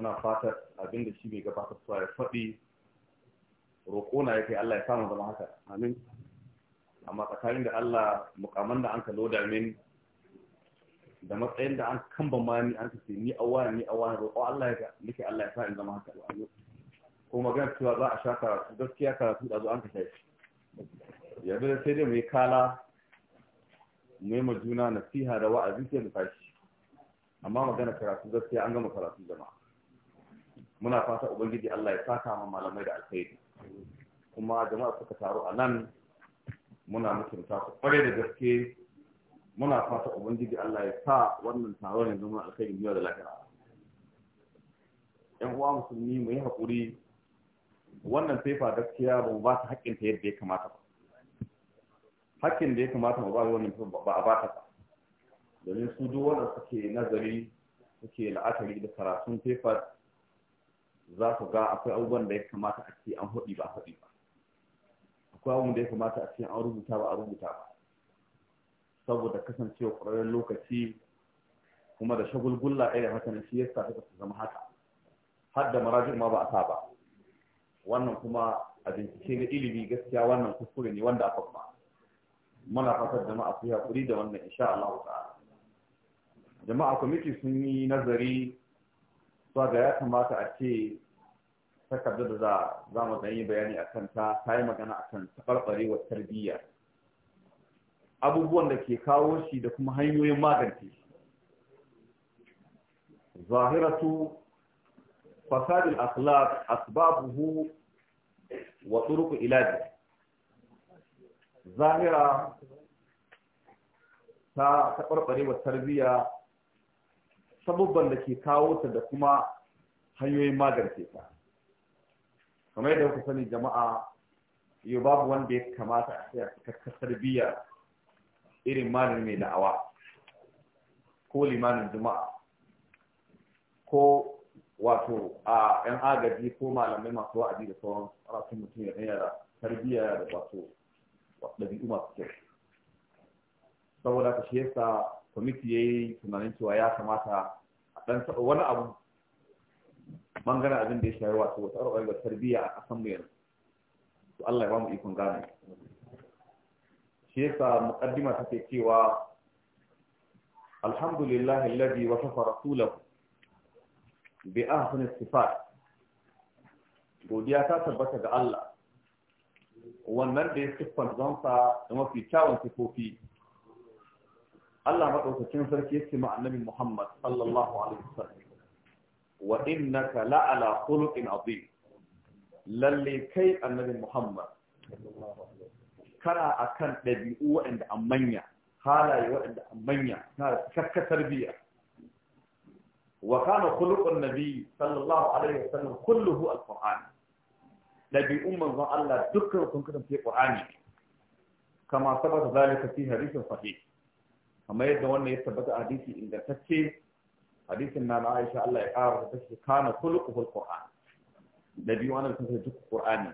muna fatar abin da shi mai gabatar suwa ya faɗi roƙo na ya kai Allah ya samu zama haka amin amma tsakanin da Allah mukaman da an kalo loda min da matsayin da an kamba ma ni an kace ni awa ni awa roƙo Allah ya nake Allah ya sa in zama haka ko magana cewa za a sha karatu gaskiya karatu da zo an kashe shi yanzu sai dai mu yi kala mu yi ma juna nasiha da wa'azi sai mu tashi amma magana karatu gaskiya an gama karatu jama'a muna fata ubangiji Allah ya saka mu malamai da alkhairi kuma jama'a suka taru a nan muna mutunta su kware da gaske muna fata ubangiji Allah ya sa wannan taron ya zama alkhairi biyar da lafiya yan uwa musulmi mu yi hakuri wannan faifa gaskiya ba mu ba ta haƙƙin ta yadda ya kamata ba haƙƙin da ya kamata mu ba wannan ba a ba ta ba domin su duk wanda suke nazari suke la'akari da karatun faifa za ku ga akwai abubuwan da ya kamata a ce an haɗi ba haɗi ba akwai abubuwan da ya kamata a ce an rubuta ba a rubuta ba saboda kasancewa ƙwararren lokaci kuma da shagulgulla ɗaya haka shi ya sa suka zama haka har da marajin ma ba a sa ba wannan kuma a bincike na ilimi gaskiya wannan kuskure ne wanda aka ba muna fatar jama'a su hakuri da wannan insha Allah ta'ala jama'a kwamiti sun yi nazari so ga ya kamata a ce takardar da za za mu dan yi bayani a kan ta ta yi magana a kan taɓarɓarewar tarbiyya abubuwan da ke kawo shi da kuma hanyoyin magance shi zahiratu al akhlaq asbabuhu wa turuq ilaji zahira ta taɓarɓarewar tarbiyya sabubban da ke kawo ta da kuma hanyoyin magance ta kamar yadda kuka sani jama'a yau babu wanda ya kamata a tsaya cikakkar tarbiyya irin malin mai da'awa ko limanin juma'a ko wato a yan agaji ko malamai masu wa'azi da sauran rasu mutum ya yana tarbiyya da wato ɗabi'u masu kyau saboda ka shi yasa kwamiti ya yi tunanin cewa ya kamata dan taɓa wani abu bangaren abin da ya shafi wato tsaro da tarbiyya a ƙasan mu yanzu to Allah ya ba mu ikon gane shi yasa muqaddima take cewa alhamdulillah alladhi wasafa rasulahu bi ahsani sifat godiya ta tabbata ga Allah wannan da ya siffanta zonsa da mafi kyawun sifofi Allah maɗaukacin sarki ya ce ma annabi Muhammad sallallahu alaihi wasallam wa innaka la'ala khuluqin azim lalle kai annabi Muhammad kana akan dabi'u waɗanda amanya. manya halaye waɗanda amanya. manya kana cikakkar tarbiyya wa kana khuluqun nabi sallallahu alaihi wasallam kulluhu alquran dabi'un manzon Allah dukkan sun kasance qur'ani kama sabata zalika fi hadithin sahih kamar yadda wannan ya tabbata hadisi ingantacce hadisin na Aisha Allah ya kara ta ce kana khuluqul Qur'an da biyu wannan ta duk Qur'ani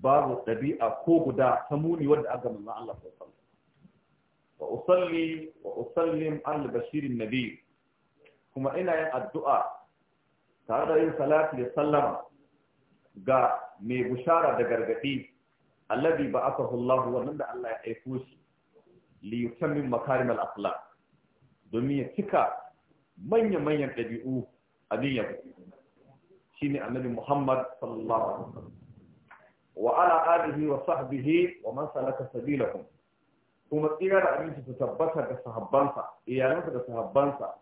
babu dabi'a ko guda ta muni wanda aka manzo Allah sallallahu alaihi wa usalli wa usallim al bashir nabi kuma ina yin addu'a tare da yin salati da sallama ga mai bushara da gargadi alladhi ba'athahu Allah wannan da Allah ya aiko shi li yusammin makarim al-akhlaq domin ya cika manya-manyan ɗabi'u a niyyar shine annabi Muhammad sallallahu alaihi wasallam wa ala alihi wa sahbihi wa man salaka sabilahum kuma tsira da su tabbata da sahabbansa iyalansa da sahabbansa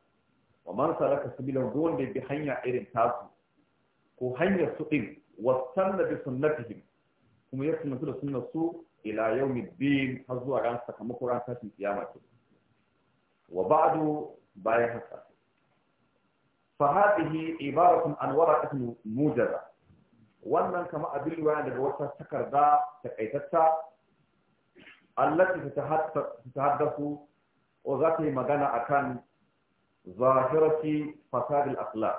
wa man salaka sabilahum wanda bi hanya irin tasu ko hanyar su din wasanna bi sunnatihim kuma ya sunnatu da sunnar su ila yawmiddin har zuwa ran sakamako ran tashin kiyama ce wa ba'du bayan haka fa hadhihi ibaratun an waraqatin mujaza wannan kama abin riwaya daga wata takarda takaitatta allati tatahaddathu wa za ta yi magana akan zahirati fasadil akhlaq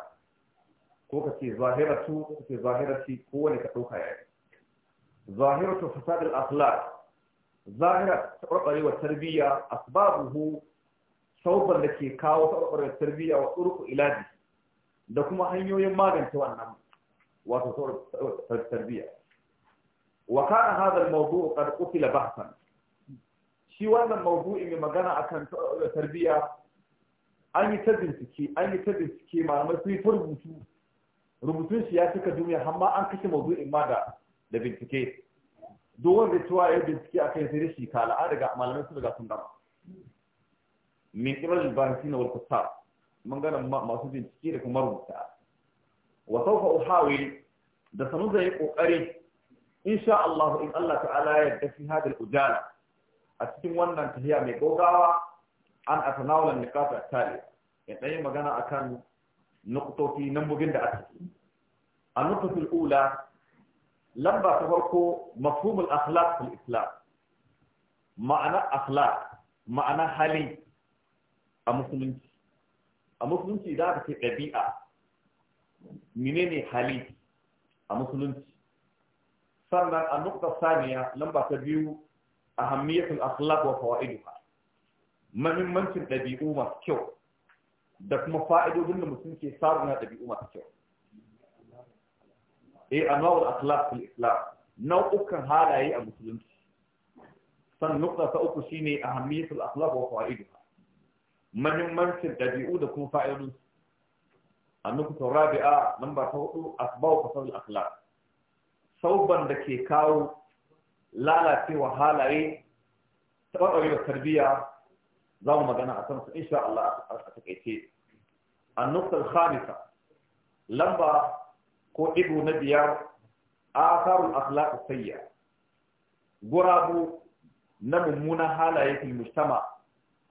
ko kace zahiratu ko kace zahirati kowane ka dauka yayi ظاهرة فساد الأخلاق ظاهرة تقرأ والتربية أسبابه صوبا لكي كاو تقرأ والتربية وطرق إلاجه لكم حيو يماغن توانا التربية وكان هذا الموضوع قد قتل بحثا shi wannan mawdu'i mai magana akan tarbiyya an yi an yi ta bincike malamai sun yi ta rubutu rubutun shi ya cika duniya amma an kashe mawdu'in ma da da bincike duk wanda cewa ya bincike a kai sai shi ka al'ada ga malamai su daga sun min qibal al-bahisin wal mun gana masu bincike da kuma rubuta wa sawfa uhawil da sanu zai kokari insha Allah in Allah ta'ala ya yarda fi hada ujala a cikin wannan tahiya mai gogawa an atanawala niqat at-tali ya dai magana akan nuqtoti nan bugin da ake a nuqtatul ula lamba ta farko mafhumul akhlaq fil islam ma'ana akhlaq ma'ana hali a musulunci a musulunci da aka ce ɗabi'a menene hali a musulunci sannan a nukta saniya lamba ta biyu ahammiyatul akhlaq wa fawaiduha mahimmancin ɗabi'u masu kyau da kuma fa'idodin da mutum ke samu na ɗabi'u masu kyau eh anwa'ul akhlaq fil islam nau'ukan halaye a musulunci san nukta ta uku shine ahamiyatul akhlaq wa fa'iduha muhimmancin dabi'u da kuma fa'idun annukutu rabi'a lamba ta hudu asbabu fasadul akhlaq sauban da ke kawo lalacewa halaye ta ɓarɓarewar tarbiyya za mu magana a kan su insha Allah a khamisa lamba ko ido na biyar asarul akhlaq sayya gurabu na mummunan halaye fil mujtama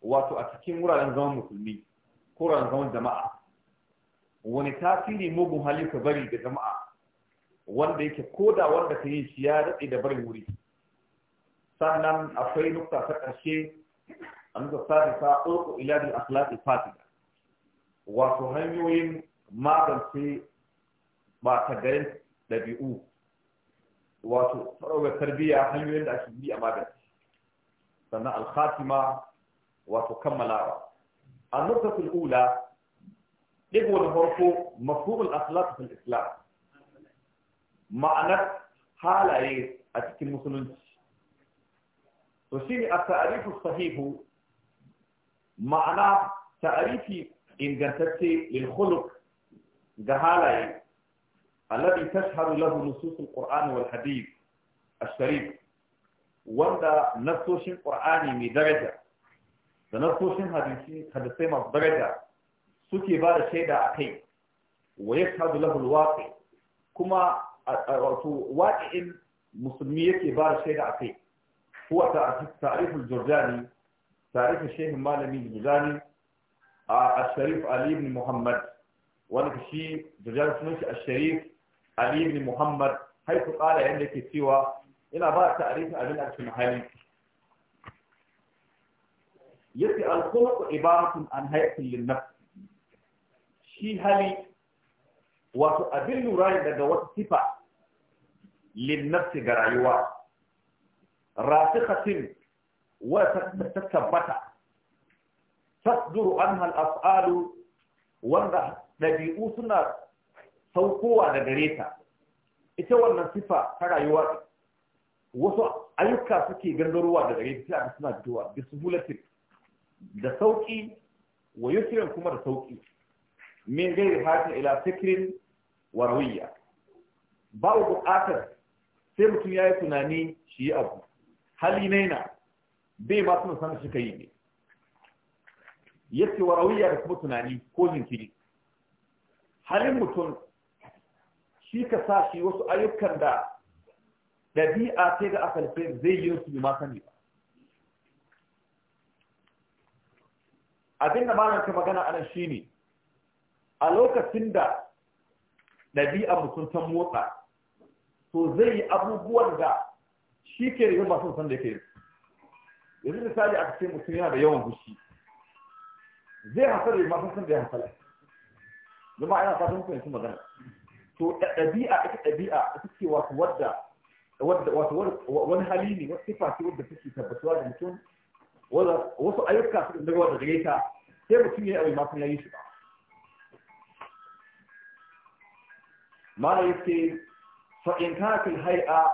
wato a cikin wuraren zaman musulmi ko wuraren zaman jama'a wani tasiri mugun hali ka bari da jama'a wanda yake da wanda ka yi shi ya daɗe da barin wuri sannan akwai nukta ta ƙarshe an ga sadisa ɗauko ila bil akhlaqi fasida wato hanyoyin magance ba ta garin ɗabi'u wato tsarauwar tarbiyya hanyoyin da ake bi a magance sannan alkhatima wato kammalawa a nufafin ula ɗigo da farko mafhumul akhlaq fil islam ma'anar halaye a cikin musulunci to shine at-ta'rifu sahihu ma'ana ta'rifi ingantacce lil khuluq ga halaye alladhi tashharu lahu nususul qur'ani wal hadith sharif wanda nasoshin qur'ani mai daraja da nasoshin hadisi hadisai masu daraja suke ba da shaida a kai wa yashhadu lahu al kuma wato waqi'in musulmi yake ba da shaida a kai huwa ta'riful jurjani تعريف الشيخ المالمي الجزاني ali علي muhammad محمد shi في شيء دجال سنوش sharif Ali Muhammad haifu ƙara yadda ke cewa ina ba ta arifin abin da cikin hali yace al-khuluq ibaratun an hayatin lin shi hali wato abin lura daga wata sifa lin ga rayuwa wata ta tabbata. tasduru an al-af'alu wanda dabi'u suna saukowa da gare ta ita wannan sifa ta rayuwa wasu ayyuka suke gangarowa da gare ta a suna fitowa bi suhulatin da sauki wa yusrin kuma da sauki min gairi hatin ila fikrin wa rawiya babu buƙatar sai mutum ya yi tunani shi yi abu hali ne bai ma suna sanar shi ka yi ne yace wa rawiya da kuma tunani ko jinkiri halin mutum shi ka sa shi wasu ayyukan da ɗabi'a sai da aka nufe zai yi su ma sani ba abin da malam ka magana anan ne, a lokacin da ɗabi'a mutum ta motsa to zai yi abubuwan da shi ke rigar masu san da yake yanzu misali a cikin mutum yana da yawan fushi zai hasar da masu san da ya hasar. zama ina fatan mutum yanzu magana أبيئة أبيئة تكي واتودى ود واتود ونهاليني وصفة تود تكي تبتواد متون ولا وص أيك نجوا دقيقة كيف تيجي أبي ما في أي شيء ما لا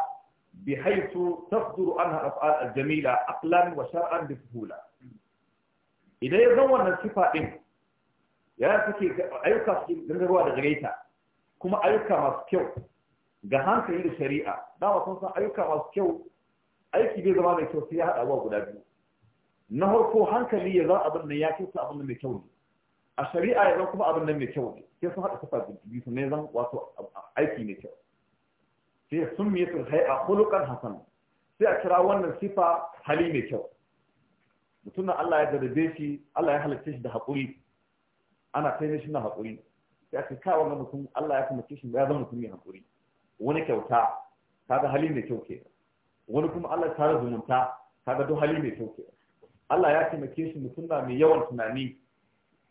بحيث تصدر عنها الأفعال الجميلة عقلا وشرعا بسهولة إذا يزور الصفة إن يا سكي أيك نجوا دقيقة kuma ayyuka masu kyau ga hankali da shari'a dama sun san ayyuka masu kyau aiki bai zama mai kyau sai ya haɗa abuwa guda biyu na farko hankali ya zama abin nan ya kyauta abin nan mai kyau ne a shari'a ya kuma abin nan mai kyau ne sai sun haɗa kafa biyu sun ne zan wato aiki mai kyau sai sun miye sun hai a hulukan hasan sai a kira wannan sifa hali mai kyau mutumin Allah ya garbe shi Allah ya halitta shi da haƙuri ana kai shi na haƙuri ya ka kawo na mutum Allah ya kuma shi ya zama mutum ya hankuri wani kyauta kaga hali mai kyau ke. wani kuma Allah ta zumunta kaga duk hali mai kyau ke. Allah ya taimake shi mutum na mai yawan tunani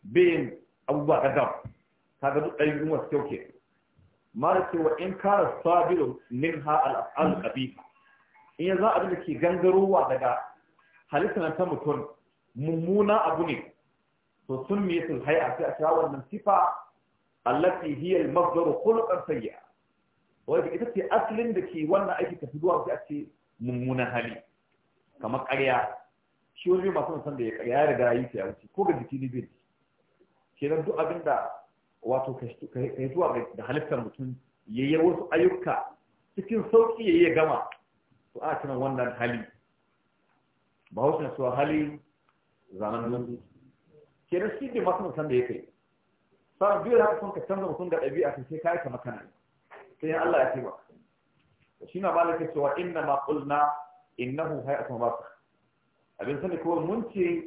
bayan abubuwa kadan kaga duk ɗari umar kyau ke. mara cewa wa in kara sabiru min ha al'af'al qabiha in ya za abin da ke gangarowa daga halittar ta mutum mummuna abu ne to sun me sun haya a sai wannan sifa allati hiya al-masdaru khuluqan sayyi'a wanda ita ce asalin da ke wannan aiki ta fi zuwa ga ake mummuna hali kamar ƙarya shi wani masu san da ya ƙarya da riga yi ta wuce ko ga jiki ne bin nan duk abin da wato ka yi zuwa da halittar mutum ya yi wasu ayyuka cikin sauƙi ya yi gama to a cikin wannan hali ba hausa na cewa hali zanen nan kenan shi ne masu san da ya kai sar biyu da haka sun ka canza mutum da ɗabi'a sun sai kayi kamar kana sai Allah ya ce ba shi na malaka cewa inna ma qulna innahu hayatun wasa abin sani ko mun ce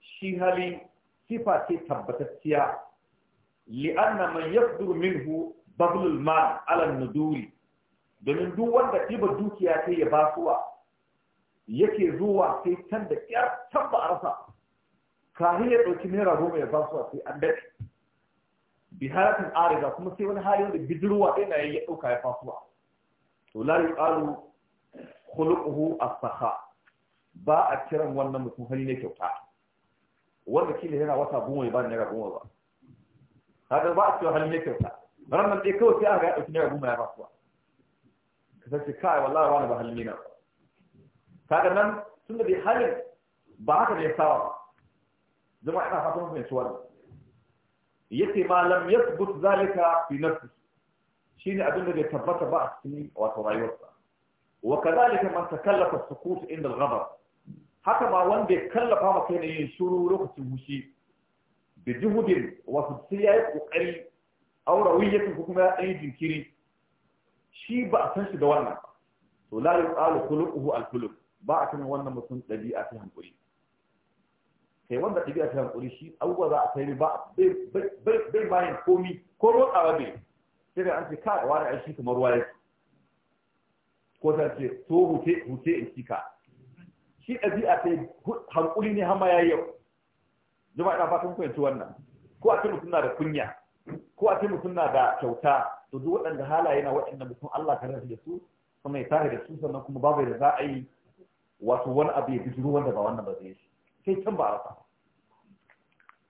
shi hali sifa ce tabbatacciya li'anna man yaqduru minhu bablul mal ala nuduri domin duk wanda ɗiba dukiya sai ya basuwa yake zuwa sai can da ƙyar can ba a rasa kahi ya ɗauki naira goma ya basuwa sai an daɗe bi halatin arida kuma sai wani hali wanda bijirwa ɗaya na ya ɗauka ya fasuwa to la yuqalu khuluquhu as-sakha ba a kiran wannan mutum hali ne kyauta wanda kila yana wata goma ya ba naira goma ba kaga ba a cewa hali ne kyauta ranar ɗaya kawai sai aka ya ɗauki naira goma ya fasuwa Kasance sace kai wallahi wani ba hali ne na kaga nan tunda bai halin ba haka ne ya saba ba zama ina fatan mai suwa yace ma lam yathbut zalika fi shi shine abin da bai tabbata ba a cikin wato rayuwarsa wa kadhalika man takallafa sukut inda al-ghadab haka ba wanda ya kallafa kai yana yin shuru lokacin hushi bi juhudin wa sai ya yi kokari aw rawiyatin ko kuma ya yi jinkiri shi ba a san shi da wannan to la yuqalu khuluquhu al-khuluq ba a kan wannan mutum dabi'a ta hankuri sai wanda ɗabi'a ta hankuri shi abubuwa za a kai ba. bai bayan komi ko rotsawa bai sai da an ce ka wani a shi kamar ruwa ko ta ce to hute hute in ka. shi ɗabi'a ta hankuri ne hama yayi yau jama'a ina fatan ku yanzu wannan ko a ce mutum na da kunya ko a ce mutum na da kyauta to duk waɗanda halaye na waɗanda mutum Allah ka rasa da su sannan ya tare da su sannan kuma babu da za a yi wato wani abu ya bi wanda ba wannan ba zai shi sai can ba rasa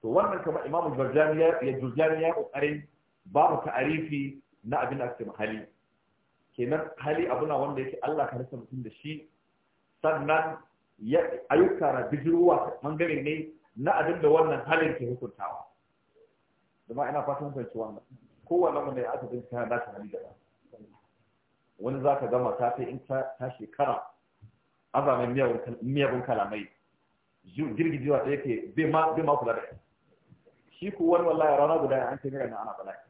to wannan kamar imam jurjani ya jurjani ya kokarin babu ta'arifi na abin da ake hali kenan hali abuna wanda yake Allah ka rasa mutum da shi sannan ayyuka na bijiruwa bangare ne na abin da wannan halin ke hukuntawa zama ina fatan fahimci wannan kowane mu ne aka bin kana da hali da wani za ka gama ta sai in ta shekara azamin miyagun kalamai girgijewa da yake bai ma ma kula da shi ku wani wallahi rana guda an ce mira na ana bala'i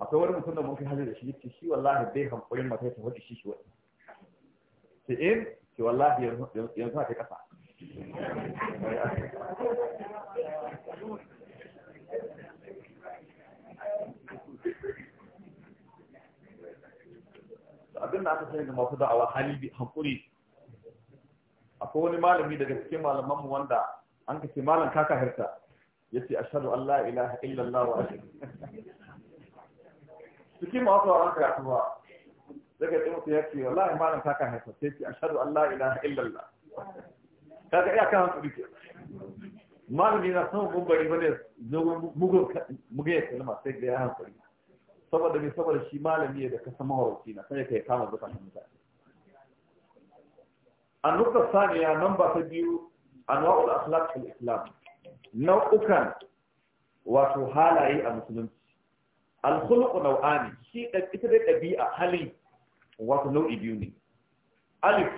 akwai wani mutum da mun kai hali da shi yace shi wallahi bai hankulin mata ta wata shi shi wani ce in eh, ce wallahi yanzu yanzu ta kasa abin da aka sani da masu da'awa hali hankuri akwai wani malami daga cikin malaman mu wanda an ka ce malam kaka hirta yace ashhadu an la ilaha illallah wa ashhadu cikin masu an karatu ba daga cikin mutum yace wallahi malam kaka hirta sai ce ashhadu an la ilaha illallah kaga iya kan hankuri ce. malami na son gumbari bane zo mugun mugun kalma sai da ya hankuri saboda mai saboda shi malami ne da kasa mahawarci na sai kai kama zukatan mutane A nukar saniya nan ba ta biyu anwa'ul akhlaq al islam nau'ukan wato halaye a musulunci alkhuluqu nau'ani shi da ita dai dabi'a hali wato nau'i biyu ne alif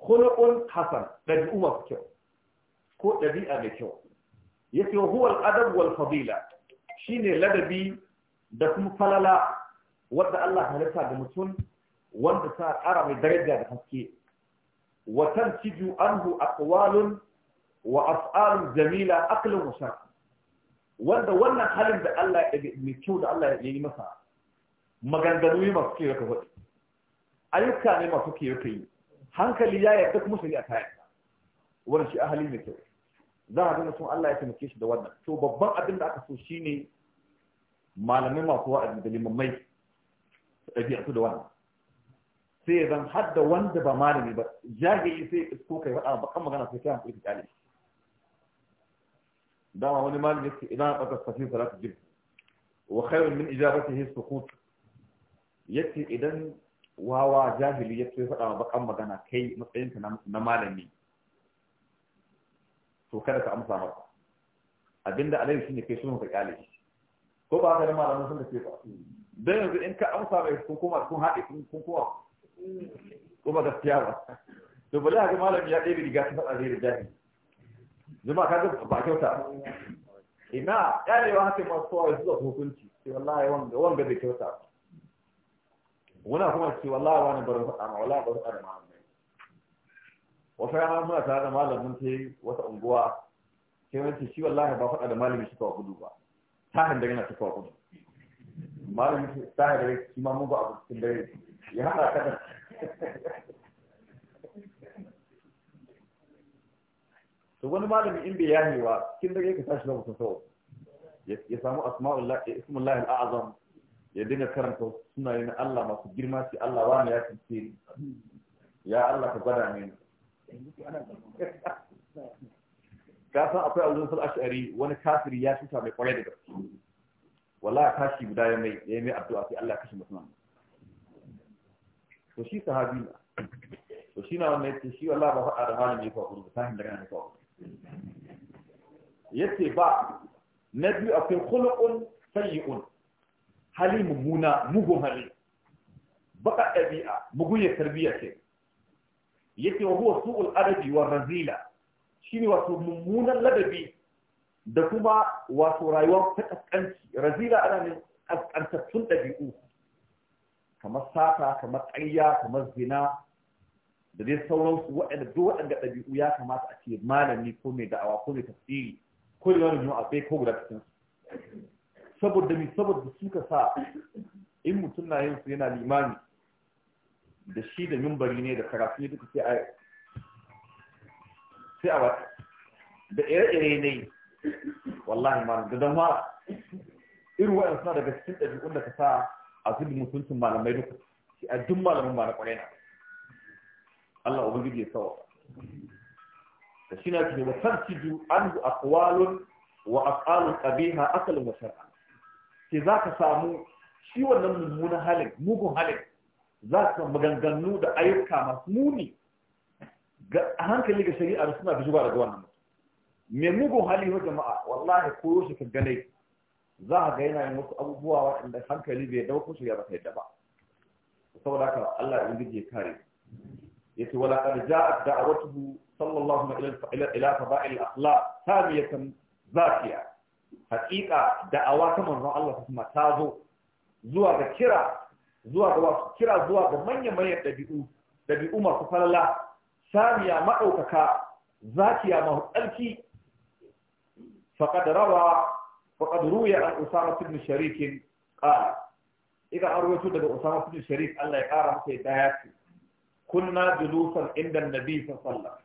khuluqun hasan dabi'u masu kyau ko dabi'a mai kyau yace huwa al-adab wal fadila shine ladabi da kuma falala wadda Allah ya halitta ga mutum wanda ta ƙara mai daraja da haske watan ciju anhu aqwalun wa af'alun jamila aqlan wa shar wanda wannan halin da Allah ya mai kyau da Allah ya yi masa maganganu ne masu ke ka faɗi ayyuka ne masu ke ka yi hankali ya yarda kuma shari'a ta yarda wannan shi ahali mai kyau za a ga mutum Allah ya taimake shi da wannan to babban abin da aka so shine malamai masu wa'azi da limammai su ɗabi'a su da wannan sai ya zan har da wanda ba malami ba jahili sai ko kai faɗa ba kan magana sai kai hankali ka kyale dama wani malami yake idan a ɓaka safin salatu jib wa khairun min ijabatihi sukut yace idan wawa jahili ya sai faɗa ba kan magana kai matsayinka na malami to kada ka amsa masa abinda alai shine kai sunan ka kyale shi ko ba ka da malamin sun da ce ba dan yanzu in ka amsa mai kun koma kun haɗe kun kowa ko ba gaskiya ba to bala ga malami ya ɗebe riga ta faɗa zai da jahili Zuma ka ga ba kyauta ina ƙarewa haka masu kowa zuwa hukunci sai wallahi wanga wanga da kyauta muna kuma ce wallahi wani barin faɗa ma wallahi barin faɗa ma wasu yana muna tare da malamin sai wata unguwa sai wani ce shi wallahi ba faɗa da malamin shi kawai gudu ba tahin dare na tafiya kudu malamin su tahin da shi kima mugu abu cikin dare ya haɗa kada to wani malami in bai yahi wa cikin dare ka tashi na mutum sau ya samu asma'ullah ya ismullah al'azam ya dinga karanta sunaye na Allah masu girma shi Allah wani ya kace ya Allah ka gwada mini ka san akwai abin sul ash'ari wani kafiri ya tuta mai kwarai da gaske wallahi kashi guda ya mai ya mai addu'a sai Allah kashe musulman. to shi sahabi na to shi na wannan yace shi wallahi ba faɗa da halin yake faru da sahin da kana faru yace ba na biyu akwai khuluqun sayyi'un hali mummuna mugun hali baka ɗabi'a mugun ya tarbiyya ce yake wa huwa su'ul adabi wa razila shine wato mummunan ladabi da kuma wato rayuwar ta kaskanci razila ana ne kaskantattun ɗabi'u kamar sata kamar ƙarya kamar zina da dai sauransu waɗanda duk waɗanda ɗabi'u ya kamata a ce malami ko mai da'awa ko mai tafsiri ko da wani a bai ko guda cikin saboda mi saboda suka sa in mutum na yin su yana limani. da shi da mimbari ne da karatu ne duka sai a sai a wata da ire-ire ne wallahi malam da don mara irin wa'in suna daga cikin ɗabi'un da ka sa a zubin mutuncin malamai duka shi a duk malamin ba na ƙwarai na Allah ubangiji ya sawa da shi na cikin wasar ciju an zu akwalun wa afalun ƙabiha asalin wa shar'a ke za ka samu shi wannan mummunan halin mugun halin za ka maganganu da ayyuka masu muni a hankali ga shari'a suna zuba daga wannan me mugun hali wa jama'a wallahi ko shi ka ganai. za a ga yana yin wasu abubuwa waɗanda hankali bai dauko shi ya ba yadda ba saboda haka Allah ya ya kare ce wala qad ja'at da'awatuhu sallallahu alaihi wa ila fada'il akhlaq thamiyatan zakiya haqiqa da'awa ta manzo Allah kuma ta zo zuwa ga kira zuwa ga wasu kira zuwa ga manyan manyan dabi'u dabi'u masu falala Samiya maɗaukaka zakiya mahu tsarki faƙad rawa faƙad ruya an usama ibn sharikin ƙara idan an rawaito daga usama ibn sharik Allah ya ƙara masa yadda ya ce kunna julusan inda nabi sallallahu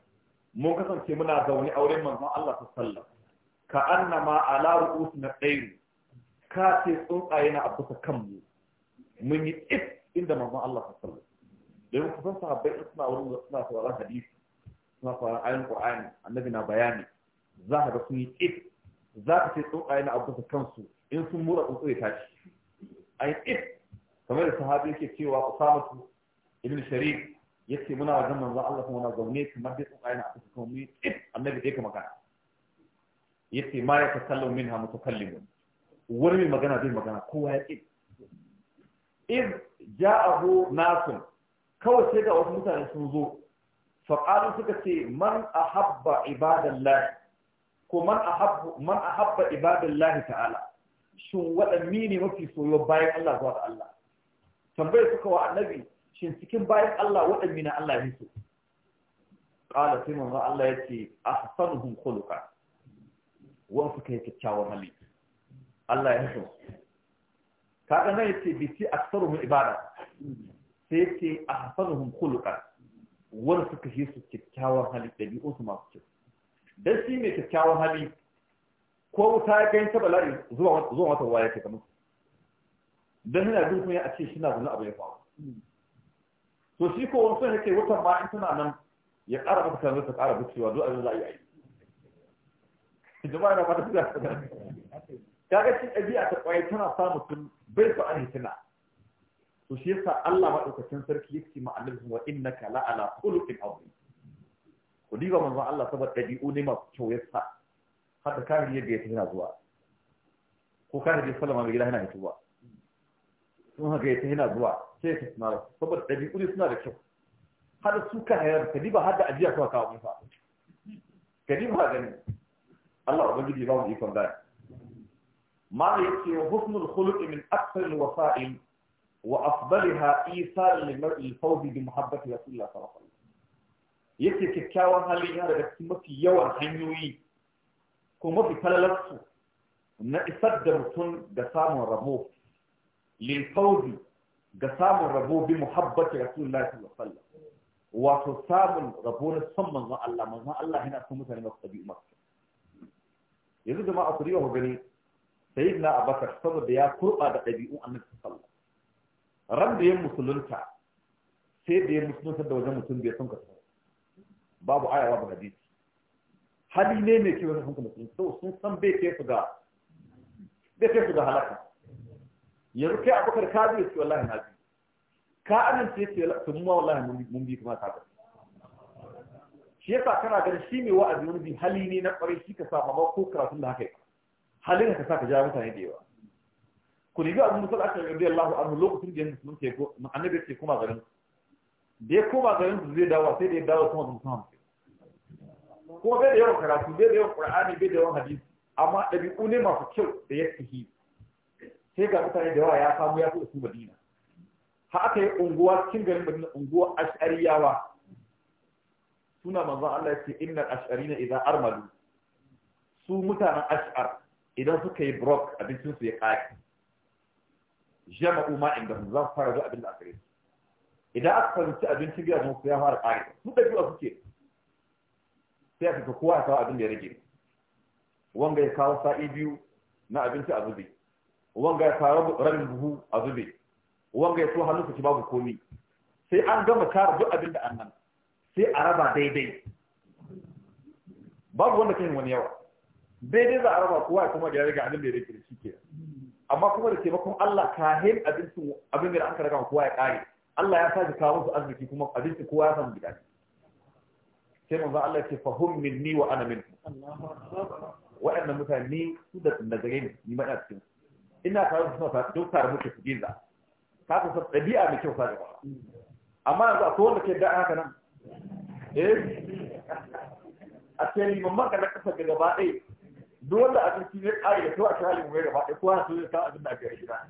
mun kasance muna zaune a wurin manzon Allah sallallahu ka annama ala ru'usina ɗairu ka ce tsuntsaye na abuka kanmu mun yi if inda manzon Allah sallallahu don kusan sahabbai suna wurin suna sauraron hadisi suna sauraron ayin qur'ani annabi na bayani za ka ga sun yi if za ka ce tsuntsaye na abu kansu in sun mura tsuntsaye tashi an if kamar da sahabi yake cewa usamatu ibn sharif yace muna wajen manzo Allah kuma na zaune kamar da tsuntsaye na abu kansu mu if annabi dai ka magana yace ma ya takallu minha mutakallimun wani mai magana zai magana kowa ya ƙi إذ جاءه ناس kawai sai ga wasu mutane sun zo faƙalu suka ce man a ahabba ibadallahi ko man a habba ahabba ibadallahi ta'ala shin waɗanne ne mafi soyuwar bayan Allah zuwa ga Allah tambaye suka wa annabi shin cikin bayan Allah waɗanne na Allah ya so qala sai manzo Allah ya ce yace ahsanuhum khuluqan wa suka yi kyakkyawar hali Allah ya so kaga nan yace bi ti aktsaruhum ibada sai ce a hasanuhum khuluqa wanda suka shi su kyakkyawar hali biyu su masu kyau dan shi mai kyakkyawar hali ko wuta ya gani ta bala'i zuwa wata waya ke kamar dan yana duk kuma a ce shi na zuna abu ya faru to shi ko wani sun yake watan ma in tana nan ya ƙara maka sanar ta ƙara bucewa zuwa abin za a yi aiki jama'a na fata su ta kaga shi ɗabi'a ta ƙwai tana samun mutum bai su an hitina to shi yasa Allah madaukakin sarki yake ma annabi wa innaka la ala khuluqin azim ku diba manzo Allah saboda dabi'u ne masu kyau yasa hada kan yadda yake yana zuwa ko kan da sallama bai gida yana fitowa sun haka yake yana zuwa sai ta suna saboda dabi'u ne suna da kyau hada su ka hayar ka diba hada ajiya ka kawo mun fa ka diba gani Allah ubangiji ba mu ikon da ma yake husnul khuluq min aktsar al wasa'il وأفضلها إيثار للمرء الفوز بمحبة رسول الله صلى الله عليه وسلم yake kyakkyawan hali yana daga cikin mafi yawan hanyoyi ko mafi falalarsu na isar da mutum da samun rabo lilfauzi ga samun rabo bi muhabbati rasulullahi sallallahu alaihi wasallam wato samun rabo na son Allah manzon Allah yana son mutane masu tabi'u masu yanzu jama'a ku riwa gani sayyidina saboda ya kurɓa da ɗabi'un ran da ya musulunta sai da ya musulunta da wajen mutum bai sun kasu babu ayawa ba hadisi hali ne mai ke da hankali sun so sun san bai kai su ga bai kai su ga halaka yanzu kai abubakar ka bi su wallahi na bi ka amince ce su mu wallahi mun bi kuma ta shi yasa kana ganin shi mai wa'azi wani bi hali ne na kwarai shi ka sa ba ko karatun da haka yi halin ka sa ka ja mutane da yawa ku riga abin musul aka rabi Allahu anhu lokacin da ya musulun ko annabi ke kuma garin da ya koma garin su zai dawo sai da ya dawo kuma da musamman kuma bai da yawan karatu bai da yawan qur'ani bai da yawan hadisi amma ɗabi'u ne masu kyau da ya fi. sai ga mutane da yawa ya samu ya fi su Madina Ha aka yi unguwa cikin garin Madina unguwa ash'ariyawa suna manzon Allah ya ce innal ash'arina idan armalu su mutanen ash'ar idan suka yi brok abincinsu ya kare jama'u ma inda za fara zuwa abin da aka yi idan aka fahimci abincin gidajen su ya fara ƙari mu da biyu suke sai aka kowa ya kawo abin da ya rage wanga ya kawo sa'i biyu na abinci a zube wanga ya kawo rabin buhu a zube wanga ya so hannun su babu komi sai an gama tara duk abin da annan sai a raba daidai babu wanda kai wani yawa daidai za a raba kowa ya kuma da ya rage abin da ya rage shi kenan amma kuma da taimakon Allah kahin abincin abin da an karaka kowa ya kare Allah ya sake kawo musu arziki kuma abinci kowa ya samu gida sai manzo Allah ya ce fa hum minni wa ana minkum wa'annan mutane su da nazare ne ni ma ina cikin ina tare da suna don tare muke su giza ka ku sa dabi'a mai kyau sai ba amma yanzu a akwai wanda ke da haka nan eh a ce ni mamman ka na kasa gaba ɗaya duk wanda abinci ne ƙari da tuwa shali mai gaba ɗaya kowa su zai sa abin da ake gida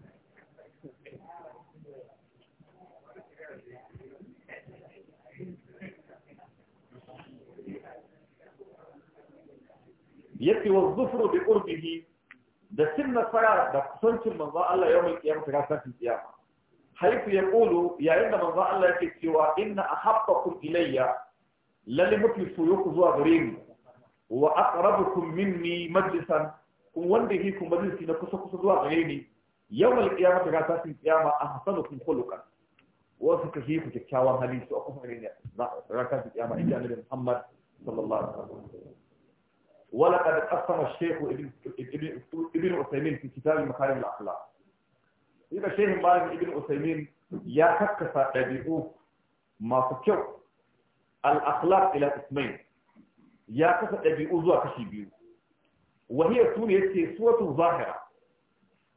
yake wa zufuru bi qurbihi da sin nasara da kusancin manzo Allah yawon kiyama ta kasance kiyama haifu ya kulu yayin da manzo Allah yake cewa inna ahabbakum ilayya lalle mutu su yuku zuwa gare ni wa aqrabukum minni majlisan kun wanda yake kun majalisi na kusa kusa zuwa gare ni yawmal qiyamah ga tasin qiyama ahsanukum khuluqan wa suka yi ku kyakkyawan hali su aka fara ne raka su qiyama inda annabi Muhammad sallallahu alaihi wasallam ولقد قسم الشيخ ابن Ibn ابن fi في كتاب al الاخلاق. إذا شيخ مالك Ibn عثيمين ya كفكفة ɗabi'u masu kyau al-akhlaq ila ismail ya kasa ɗabi'u zuwa kashi biyu wahiyar su ne yace suwatu zahira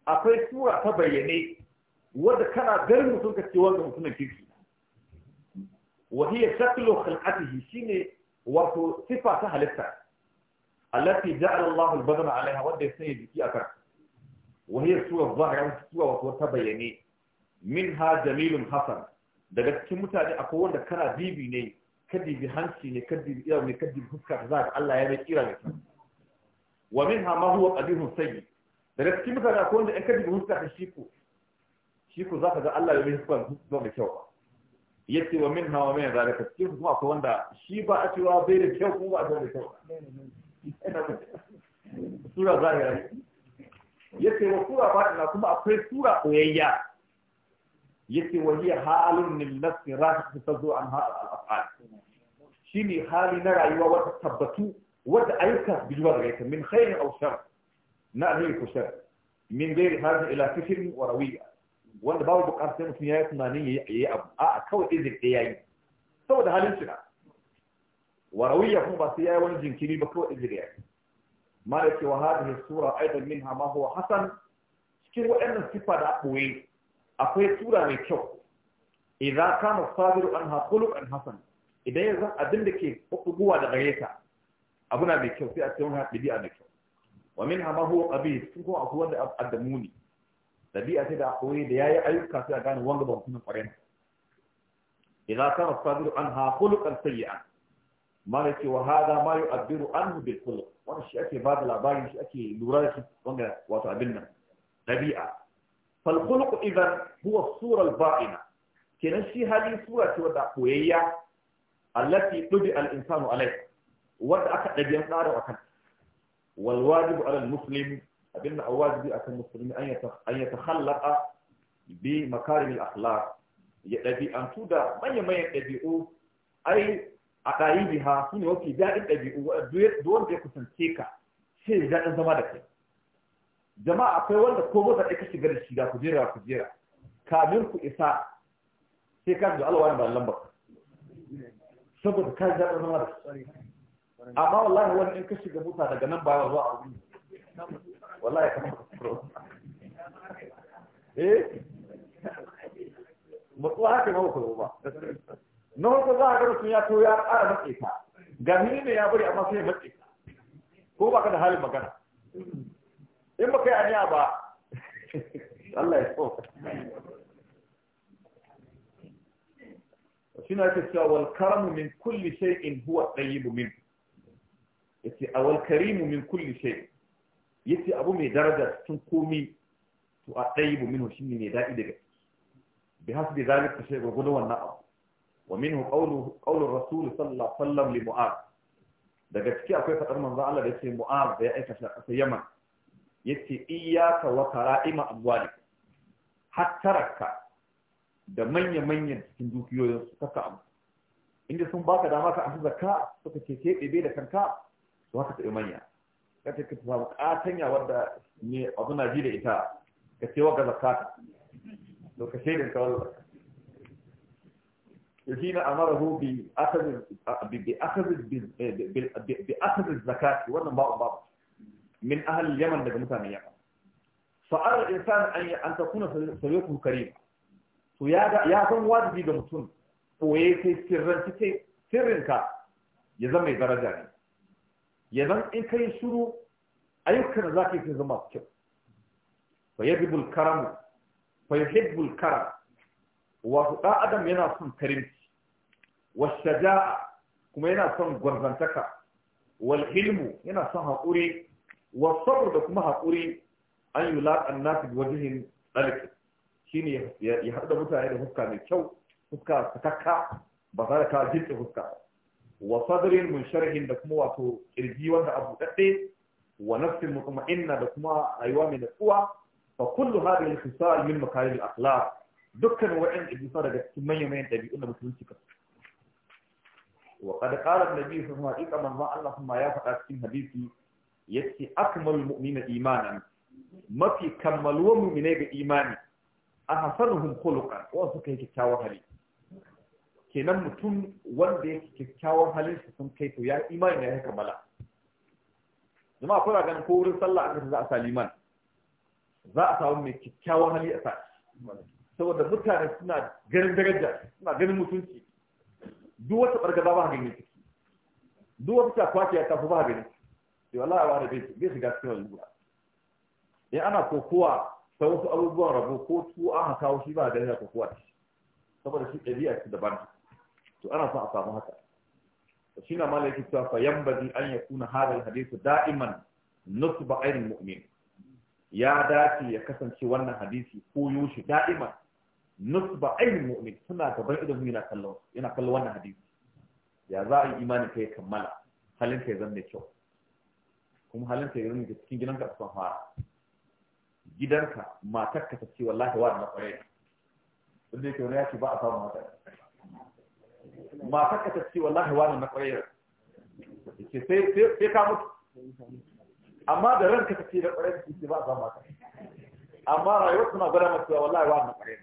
akwai sura ta bayyane wadda kana garin mutum ka ce wanda mutumin kirki wahiyar shaklu khalqatihi shine wato sifa ta halitta allati ja'ala Allahu al-badana 'alayha wadda ya sanya jiki akan wahiyar sura zahira sura wato ta bayyane minha jamilun hasan daga cikin mutane akwai wanda kana bibi ne kaddi bi hanci ne kaddi bi ira ne kaddi bi fuska za ka Allah ya mai kira ne wa minha ma huwa qadihun sayyi daga cikin mutane ko da in bi fuska ta shiku shiku za ka ga Allah ya mai fuska ba mai kyau ba yace wa minha wa min ka cikin kuma akwai wanda shi ba a cewa bai da kyau ko ba a da kyau sura zahira yace wa sura ba kuma akwai sura koyayya يتي وهي حال من النفس راكب تفضو عن هذا الأفعال شيني حالي نرى أيوة وتثبتو ود أيك بجوار غيرك من خير أو شر نأهي كشر من غير هذا إلى كثير وروية وند باب بقاس تنو في نهاية مانية يا أب أكو آه، إذن إياي يعني؟ سود هالين شنا وروية هم بسيا ونجن كني بكو إذن إياي يعني. مالك وهذه الصورة أيضا منها ما هو حسن شكرا أن الصفة أقوي akwai tura mai kyau idza kana sabiru an haqulu an hasan idan yanzu abin da ke kubuwa da gare ta abu na mai kyau sai a ce ha dabi'a da kyau wa min hama huwa qabih sun ko akwai wanda addamuni dabi'a sai da akwai da yayi ayyuka sai a gane wanga ba kuma kware idza kana sabiru an haqulu an ma mana ce wa hada ma yu'abbiru anhu bil khuluq wannan shi ake ba da labarin shi ake lura da shi wanga wato abin nan dabi'a فالخلق إذا هو الصورة البائنة كنشي هذه صورة ودع قوية التي طبع الإنسان عليها ودع أكد ينقار وأكد والواجب على المسلم أبن أواجب على المسلم أن يتخلق بمكارم الأخلاق يدبي أن تودع من يمين يدبيئو أي أقايبها سنوكي دائم يدبيئو دون يكسن تيكا شيء جاء زمان jama'a akwai wanda ko mota ɗaya ka shiga da jera da kujera kamin ku isa sai ka ga alwani ba lambar saboda ka zaɓa zama da amma wallahi wani in ka shiga mota daga nan ba zuwa a wuri wallahi ka kuro eh mutuwa haka ma ku ba na wata za a ga mutum ya to ya ƙara matse ka ga ne ya bari amma sai ya ka ko ba ka da halin magana in baka yi aniya ba Allah ya so shi na ce cewa wal karamu min kulli shay'in huwa tayyibu min yace awal karimu min kulli shay yace abu mai daraja cikin komi to a tayyibu minhu shine mai dadi daga bi hasbi zalika shay gudu wannan abu wa minhu qawlu qawlu rasul sallallahu alaihi wasallam li mu'ad daga ciki akwai fadar manzo Allah da yace mu'ad da ya aika shi a ƙasar Yaman yace iyaka wa kara'ima amwalik hattaraka da manya-manyan cikin dukiyoyin su kaka abu inda sun baka dama ka amsa zakka suka ce ke ɗebe da kanka to haka ta manya ka ce ka samu katanya wanda ne abu na ji da ita ka ce wa ga zakka to ka shaidin ka wani zakka الذين أمره بأخذ bi بأخذ الزكاة wannan ما أبغى min ahal yaman daga mutane. yaman fa'ar insan an ya an takuna sabiqu karim to ya ya san wajibi ga mutum boye kai sirrin take ya zama mai daraja ne ya zan in kai shiru ayyukan da zaka yi zama kyau fa yajibu al-karamu fa yuhibbu karam wa da adam yana son karimci wa shaja'a kuma yana son gwarzantaka wal ilmu yana son haƙuri wasabr da kuma haƙuri an yi laƙan nasu wajihin ɗaliki shi ne ya haɗu da mutane da fuska mai kyau fuska sakakka ba tare da ka jinta fuska wa sadrin mun sharhin da kuma wato kirji wanda abu daɗe wa nafsin mutma'inna da kuma rayuwa mai natsuwa fa kullu hadhihi al-khisal min makarim al-akhlaq dukkan wa'in ibisa daga cikin manyan manyan ɗabi'un da musulunci ka wa qad qala an-nabi sallallahu alaihi wa sallam Allah kuma ya faɗa cikin hadisi yace akmalul mu'mina imanan mafi kammaluwar mu'mine ga imani a ahsanuhum khuluqan wa suka yi kyakkyawan hali kenan mutum wanda yake kyakkyawan halin su sun kai to ya imani ya kammala a kuna ganin ko wurin sallah aka za a sa liman za a samu mai kyakkyawan hali a sa saboda mutane suna ganin daraja suna ganin mutunci duk wata bargaza ba ganin ciki duk wata takwaci ya tafi ba ganin sai eh, wallahi wani bai bai shiga cikin lura? in eh, ana kokowa ta wasu abubuwan rabo ko su an kawo shi ba da yana kokowa saboda shi ɗabi'a ce daban to ana son a samu haka shi na malai yake fa fayan bazi an ya kuna hada hadisi da'iman nusu ba ainihin mu'min ya dace ya kasance wannan hadisi ko yoshi da'iman nusu ba ainihin mu'min suna gaban idan mu yana kallon wannan hadisi ya za a yi imani kai kammala halin kai zan mai kyau kuma halin ka irin da cikin gidanka a son fara gidanka matarka ta ce wallahi wa na kwarai wanda yake wani ce ba a samu mata matarka ta ce wallahi wa na kwarai yake sai sai ka mutu amma da ranka ta ce da kwarai ta ce ba a samu mata amma rayuwar suna gwada masu wallahi wa na kwarai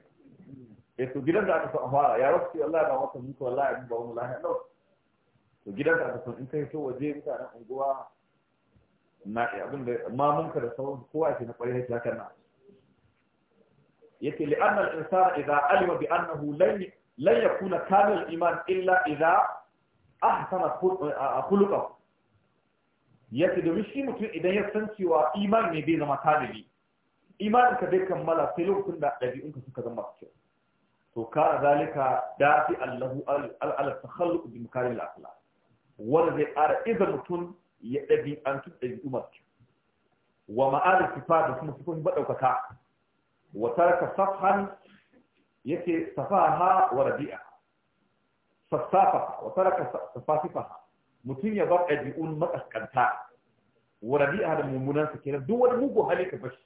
eh to gidan da aka son fara ya rasu wallahi ba wata mutu wallahi ba wani lahiya lau to gidan da aka son in kai so waje mutanen unguwa na abin da mamunka da sauran kowa ke na kwarai da haka na yake li anna al insana idza alima bi annahu lan yakuna kamil iman illa idza ahsana khuluqa yake domin shi mutum idan ya san cewa iman ne bai zama kamili imanin ka bai kammala sai lokacin da ɗabi'unka suka zama su kyau to ka zalika dafi allahu al al takhalluq bi makarin al wanda zai ara iza mutum ya an ɗabi'u masu kyau wa ma'ar sifa da kuma sifofin maɗaukaka wa taraka safhan yake safaha wa rabi'a safafa wa taraka safafifa mutum ya bar ɗabi'un matsaskanta wa rabi'a da mummunan sa kenan duk wani mugu hali ka bashi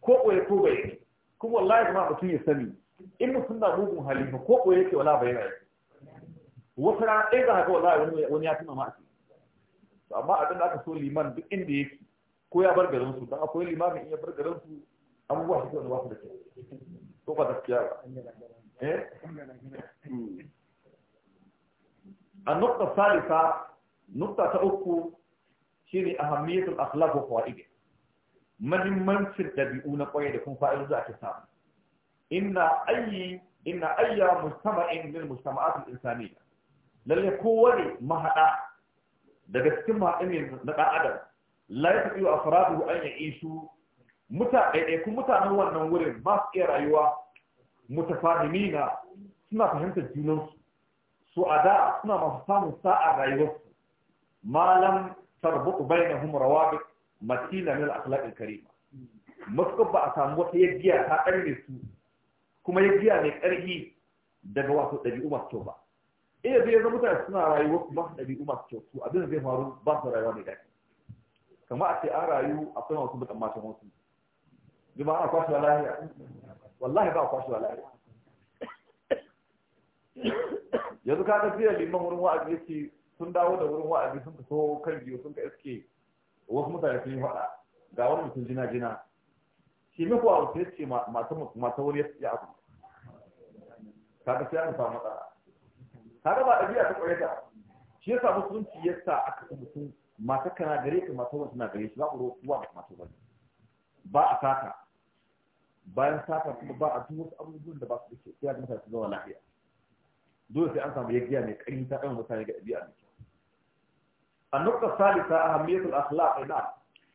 ko ɓoye ko bai kuma wallahi ma mutum ya sani in mutum na mugun hali ko ɓoye ke wala bai rai wata rana ɗaya za ka ga wallahi wani ya fi ma a amma a da aka so liman duk inda yake ko ya bar garin su dan akwai limamin in ya bar garin su abubuwa su da ba su da kyau ko ba gaskiya ba eh النقطة الثالثة نقطة تأكو شيني أهمية الأخلاق وفوائده mahimmancin dabi'u na ƙwaye da kuma fa'il za ta samu inna ayi inna ayya mustama'in min mustama'atul insaniyya lalle ne mahaɗa daga cikin matsayin na ɗan adam la ya tafi a faradu an ya isu ɗaiɗaikun mutanen wannan wurin ba su iya rayuwa mutafahimina suna fahimtar junansu su a da suna masu samun sa'ar rayuwarsu malam tarbuku bainahum rawabi matina min al-akhlaq al-karima masu ba a samu wata yaggiya ta ƙarfe su kuma yaggiya mai ƙarfi daga wato ɗabi'u masu kyau ba iya zai zama mutane suna rayuwa kuma ɗabi'u masu kyautu abin da zai faru ba su rayuwa mai daɗi kamar a ce an rayu akwai masu bukan mata wasu jima ana kwashewa lahiya wallahi ba a kwashewa lahiya yanzu ka ga fiye liman wurin wa'azi yake sun dawo da wurin wa'azi sun kaso kan biyu sun ka iske wasu mutane sun yi faɗa ga wani mutum jina jina shi mai kuwa wasu ya ce mata wani ya abu ka ga sai an samu matsala kaga ba a ɗabi'a ta ƙware ta shi yasa musulunci yasa aka ci mutum mata kana gare ka mata wata na gare shi ba ku ruwa ba mata ba ba a saka bayan saka kuma ba a duk wasu abubuwan da ba su dake sai mutane su zama lafiya dole sai an samu yagiya mai ƙarfi ta ɗan mutane ga ɗabi'a mai kyau النقطة الثالثة أهمية الأخلاق نعم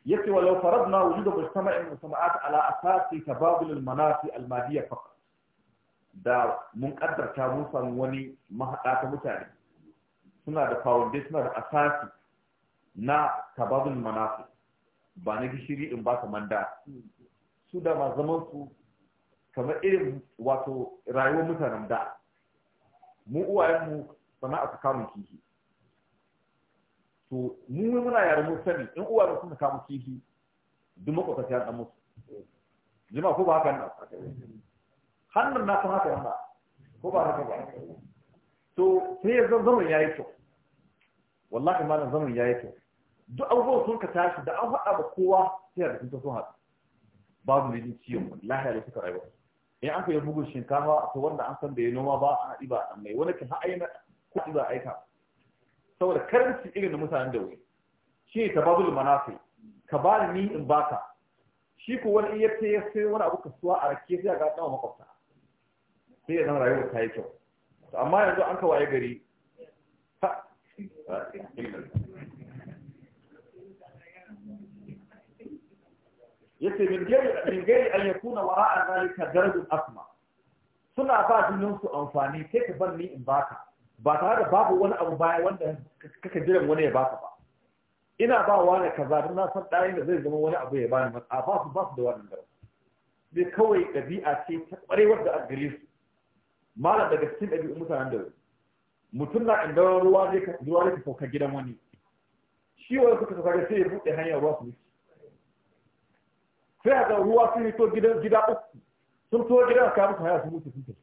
يكفي ولو فرضنا وجود مجتمع من المجتمعات على أساس تبادل al المادية فقط da mun kaddarta mun wani mahaɗa ta mutane suna da foundation suna da asasi na tababul manafi ba na gishiri in ba ka manda su da ma zaman su kamar irin wato rayuwar mutanen da mu uwayenmu sana'a su kamun kifi to mu muna yare mu sani in uwayen suna kamun kifi duk makwata ta yan musu jima ko ba haka nan hannun na kamata yamma ko ba haka ba to sai ya zama ya yi kyau wallahi malam zaman ya yi kyau duk abubuwan sun ka tashi da an faɗa ba kowa sai da sun sun haɗu babu ne jin ciwon wallahi da suka rayuwa in an ka yi bugun shinkafa to wanda an san da ya noma ba a ɗiba a mai wani kan ha'ayi ko ɗiba aika saboda karanci irin da mutanen da wuri shi ne ta Babu manafi ka ba ni in baka shi ko wani iya ta sai wani abu kasuwa a rake sai ga ɗawa makwabta sai ya zama rayuwar ta yi kyau to amma yanzu an kawaye gari Ya ce min gari min gari an yakuna wara'a zalika darajun asma suna ba junan amfani sai ka ni in baka ba tare da babu wani abu baya wanda kaka jiran wani ya baka ba ina ba wa ne kaza don na san ɗayan da zai zama wani abu ya bani matsa ba su ba su da wani gaba sai kawai ɗabi'a ce ta ƙwarewar da a gare su malam daga cikin ɗabi'un mutanen da mutum na inda ruwa zai ka ruwa zai ka sauka gidan wani shi wani suka sauka sai ya buɗe hanyar ruwa su wuce sai a ga ruwa sun yi to gidan gida uku sun to gidan ka musu hanyar sun wuce sun tafi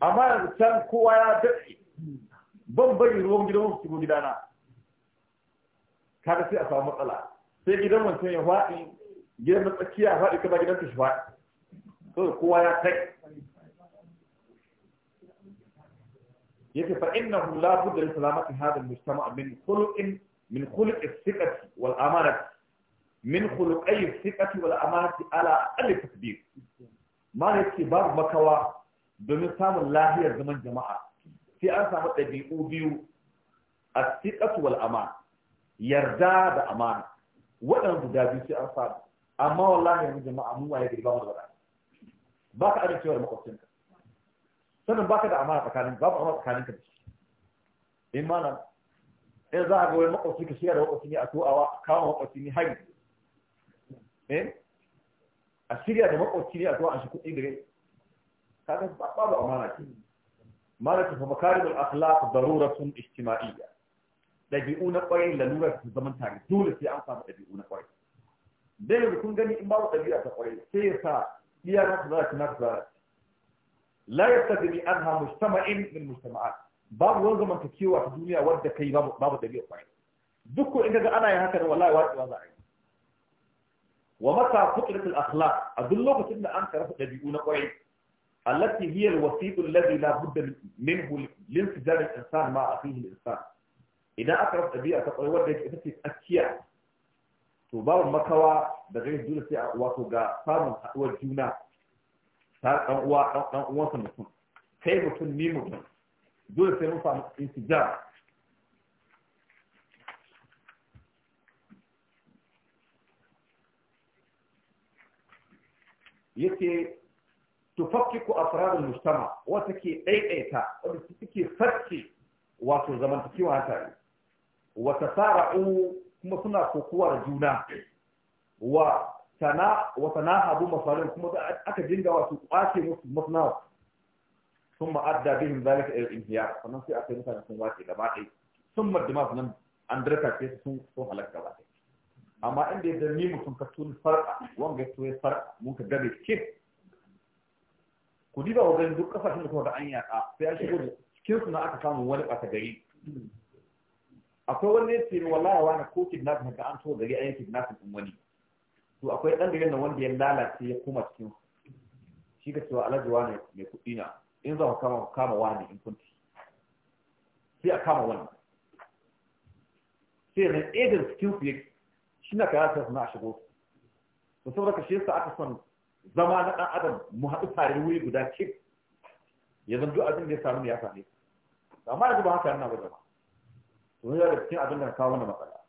amma yanzu can kowa ya daɗe ban bari ruwan gidan wasu shigo gidana kaga sai a samu matsala sai gidan wancan ya faɗi gidan na tsakiya faɗi ba gidan ka shi faɗi kowa ya kai يكفي فإنه لا بد لسلامة هذا المجتمع من خلق من خلق الثقة والأمانة من خلق أي الثقة والأمانة على أي تقدير ما يكفي باب مكوى بمثال الله هي زمن جماعة في أنسى مطلبين أوبيو الثقة والأمانة يرجع بأمانة وأنا بدا بي في أنسى أما والله يا جماعة مو هيك اللي بعمل غلط باك أنا شو المقصود sannan baka da amana tsakanin babu amana tsakanin ka da shi in eh, malam in za a ga wani ka shiga da makwabci ne a a kawo makwabci ne hari eh? a shirya da makwabci ne a to'a shi kuɗi gare kaga babu amana ke malaka fa makarimul akhlaq daruratun ijtima'iyya dabi'u na kwarai lalura su zaman tare dole sai an samu dabi'u na kwarai dai da kun gani in babu dabi'a ta kwarai sai ya sa iya na ta za ta na ta la yastadri anha mujtama'in min mujtama'at babu wani zamantakewa ta duniya wadda kai babu babu dabi'a kwai duk ko inda ga ana yin haka da wallahi wacewa za yi wa mata fitratul akhlaq a duk lokacin da an karanta dabi'u na kwai التي هي الوسيط الذي لا بد منه لانفجار الانسان مع اخيه الانسان اذا اقرب ابيئه تقول ودك اتتي اكيا to babu makawa da gare dole sai wato ga samun haɗuwar juna ta dan uwa dan uwansa mutum kai mutum ni mutum dole sai mun samu insijar yace tufakkiku afradul mujtama wata ke daidaita wanda suke sarki wato zamantakewa tare wa tasara'u kuma suna kokowa da juna wa sana wa sanahabu masarin kuma aka dinga wato kwace musu masnawa sun ma'adda bihim zalika ila inhiya sannan sai aka yi mutane sun wace gaba ɗaya sun maddama sannan an darka ce sun sun halaka gaba ɗaya amma inda ya zarni mutum ka tun farka wanga ya tuwe farka mun ka gabe kif ku diba wajen duk kasashen da kuma da an yaƙa sai an shigo da cikin su aka samu wani ɓata gari akwai wani ya ce wallahi wani ko kidnapping ka an so gari an yi kidnapping ɗin wani to akwai dan da nan wanda ya lalace ya kuma cikin shi ka cewa alhaji wani mai kuɗi na in za ku kama kama wani in kunti sai a kama wani sai ran ɗaya cikin ku yake shi na kaya ta suna a shigo to saboda ka shi sa aka son zama na ɗan adam mu haɗu tare wuri guda ce ya zanto abin da ya samu ya same amma yanzu ba haka yana ba jama'a to ne da cikin abin da kawo wannan matsala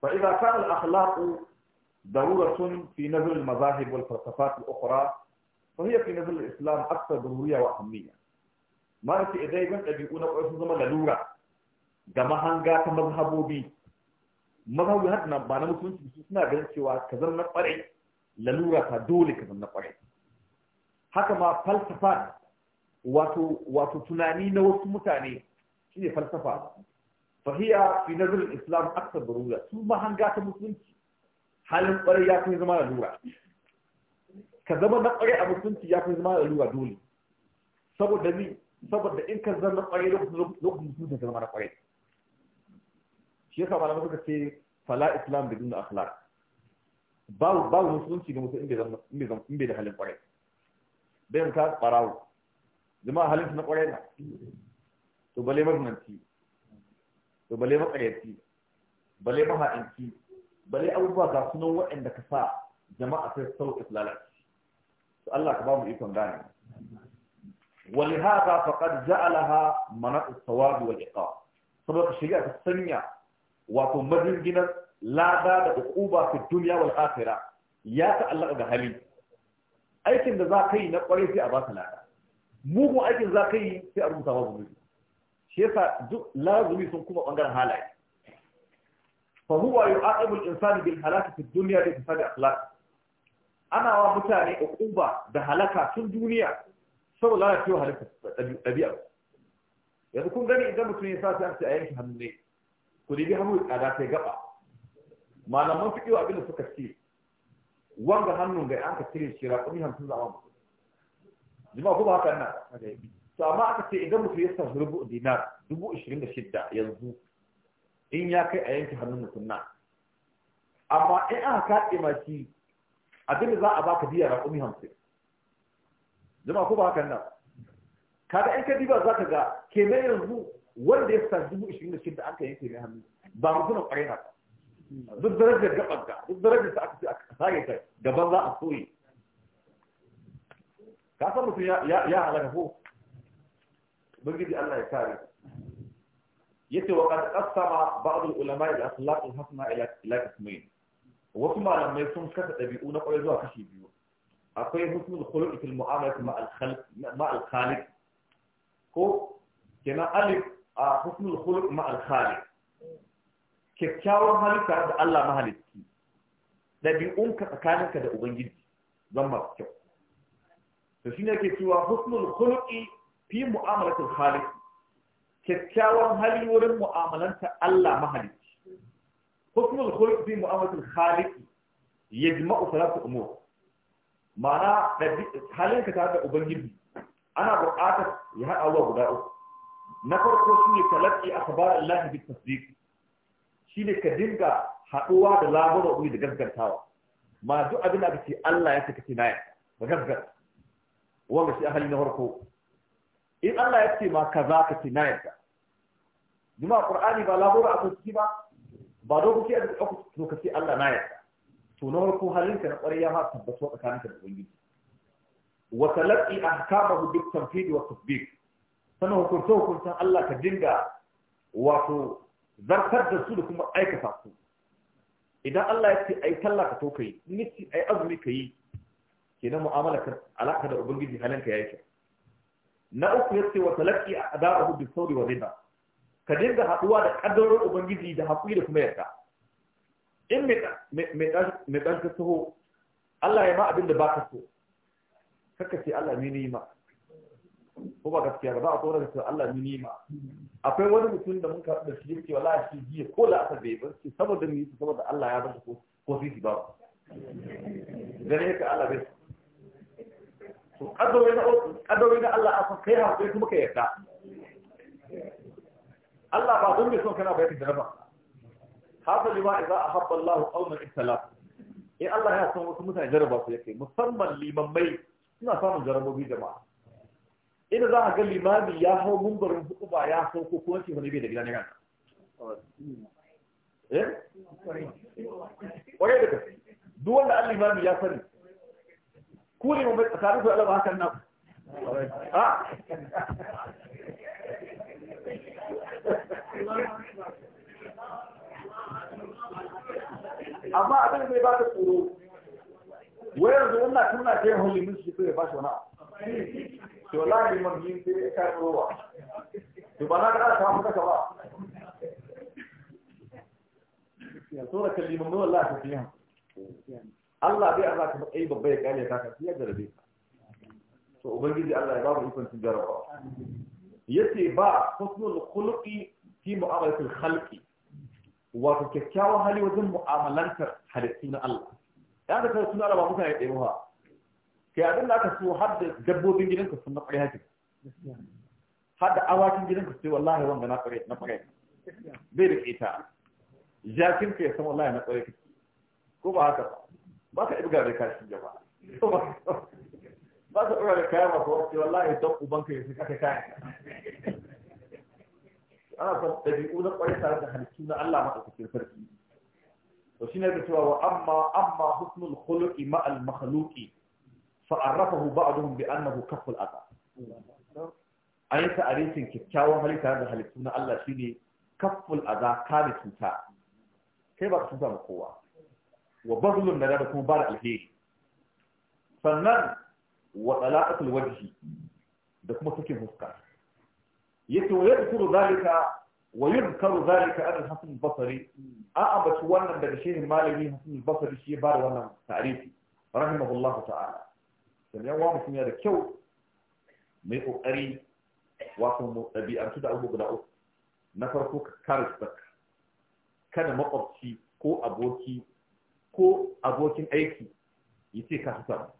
fa idan kana al akhlaqu ضرورة في نزل المذاهب والفلسفات الأخرى فهي في نزل الإسلام أكثر ضرورية وأهمية ما نسي إذا يبن أبيئون أعيش زمن لدورة جماعة هنغا مذهبو بي مذهبو هدنا بانا مسلمين بسنا قلن شوا كذن نقرأ لدورة دولي كذن نقرأ ما فلسفات واتو, واتو تناني نوس متاني شيء فلسفات فهي في نزل الإسلام أكثر ضرورة ثم هنغا مسلمين halin kwarai ya fi zama lura. ka zama na kwarai a mutunci ya fi zama da lura dole saboda ni saboda in ka zama kwarai lokacin mutunci ka zama na kwarai shi yasa malamai suka ce fala islam bidun akhlaq babu babu musulunci ga mutum in bai da halin kwarai da ka barawo zama halin na kwarai na to bale mazmanci to bale makaryaci bale mahaɗanci balai abubuwa ga sunan waɗanda ka sa jama'a sai sau islalat su Allah ka ba mu ikon gane wani haka faƙar ja'alaha mana tsawa da wani ƙawa saboda shirya ta sanya wato mazinginar lada da ƙuba ta duniya wal akira ya ta Allah ga hali aikin da za ka yi na ƙwarai sai a ba ka lada mugun aikin za ka yi sai a rubuta wa zumi shi yasa duk lazumi sun kuma ɓangaren halaye فهو يعاقب الإنسان بالهلاك في الدنيا بفساد أخلاقه أنا ومتاني أقوبة بهلاكة في الدنيا سوى لا يفيه هلاكة أبيعه yanzu kun gani idan mutum ya sa sai a yanki hannu ne ku dibi hannu tsada sai gaba malaman fiƙi wa abinda suka ce wanga hannun ga an ka cire shi raƙumi hamsin zama mutum jima ko ba haka nan to amma aka ce idan mutum ya sa rubu dinar dubu da yanzu in ya kai a yanke hannun mutum na amma in aka kaɗe maki abin da za a baka biya raƙumi hamsin jama ko ba hakan nan Kada in ka diba za ka ga ke mai yanzu wanda ya sa dubu ishirin da shida aka yanke mai hannu ba na ƙwarai na ba duk darajar gaban ka duk darajar da aka ce aka sage kai gaban za a soye ka san mutum ya halaka ko ubangiji Allah ya kare yace wa qad qassama ba'd al-ulama al-akhlaq al-hasana ila ila qismayn wasu malamai sun kasa dabi'u na kwarai zuwa kashi biyu akwai husnul khuluq fil mu'amalat ma al-khalq ma al-khaliq ko kenan alif a husnul khuluq ma al-khaliq kyakkyawan halitta da Allah mahalicci dabi'unka tsakaninka da ubangiji zan masu kyau to shine yake cewa husnul khuluqi fi mu'amalatil khaliq kyakkyawan hali wurin mu'amalanta Allah mahalicci hukmul khuluq fi mu'amalatil khaliqi yajma'u salatu umur ma'ana halinka tare da ubangiji ana buƙatar ya haɗa wa guda uku na farko shi ne ka laƙi a kabar Allah bi tasdiq shi ne ka dinga haɗuwa da labarin da gaskantawa ma duk abin da Allah ya saka ce na ya ba wanda shi hali na farko in Allah ya ce ma kaza ka ce na yadda Juma'a qur'ani ba labura a ciki ba ba dogo kuke da ku to ka ce Allah na yadda to na halin ka na ƙwarya ma tabbato ka da ubangiji wa talaqi ahkamahu bit tanfidi wa tasbih sanan hukunta hukuntan Allah ka dinga wato zartar da su da kuma aikata su idan Allah ya ce ai talla ka to kai in ya ce ai azumi ka yi kenan mu'amala ka alaka da ubangiji halinka ya yi kyau na uku ce wa talaqi adabahu bi sawri wa riba ka dinga haduwa da kaddarar ubangiji da hakuri da kuma yarda in me dan ka taho Allah ya ma abin da ba ka so kaka ce Allah ni ni ma ko ba gaskiya ba a tsoron cewa Allah ni ni ma akwai wani mutum da mun karɓi da shi yake wala shi jiya ko la aka bai ba ce saboda ni saboda Allah ya bar ko ko sisi ba Gare ka Allah bai to kaddowi na Allah a san kai hankali kuma ka yarda Allah ba don bai son kana tafi jaraba haka lima idza ahabba Allah qauman ibtala in Allah ya san wasu mutane jaraba su yake musamman limammai suna samun jarabobi jama'a Ina za a ga limami ya hau mumbarin hukuma ya hau ko kuma ce wani bai da gida ne kan eh kwarai da gaske duk wanda Allah limami ya sani ku ne mai tsakanin su alama hakan nan a amma abin zai ba ta tsoro wayar da wannan tuna ta yin hulun musu su ya ba shi wani abu to lahi mamjin sai ya kai rowa to ba na ka samu kaka ba ya tsora kalli mamnu wallahi ta fiya Allah bai Allah ka matsayi babba ya kare ka sai ya rabe ka to ubangiji Allah ya ba mu ikon cin jarabawa yace ba husnul khuluqi fi al khalqi wato kyakkyawan hali wajen mu'amalantar halittu na Allah ya da kai suna raba mutane dai muha kai abin da aka so har da dabbobin gidanka sun na kare haka har da awakin gidanka sai wallahi wanda na kare na kare bai da kita jakin ka ya san wallahi na ƙwarai ko ba haka ba ما تعب قال لك يا جماعه ما تعب قال لك يا مصوتي والله دق وبنك يفك اكا كاح انا تبي اولى قريت على خلصنا الله ما تقول فرقي وشين هذا سوى واما اما حكم الخلق مع المخلوق فعرفه بعضهم بانه كف الاذى ayta arisin kikkawa halita da halittu na Allah shine kaful azaka da cuta kai ba cuta ba kowa wa bazlun nada da kuma ba da alheri sannan wa talaqatul wajhi da kuma sakin huska yace wa yadkuru zalika wa yadhkaru zalika an hasan al-basri a abaci wannan daga shehin malami hasan al-basri shi ya da wannan ta'rifi rahimahullahu ta'ala sannan wa mutum ya da kyau mai kokari wato ɗabi'antu da abubuwa guda uku na farko ka kare saka kada makwabci ko aboki ko abokin aiki ya ce ka hasara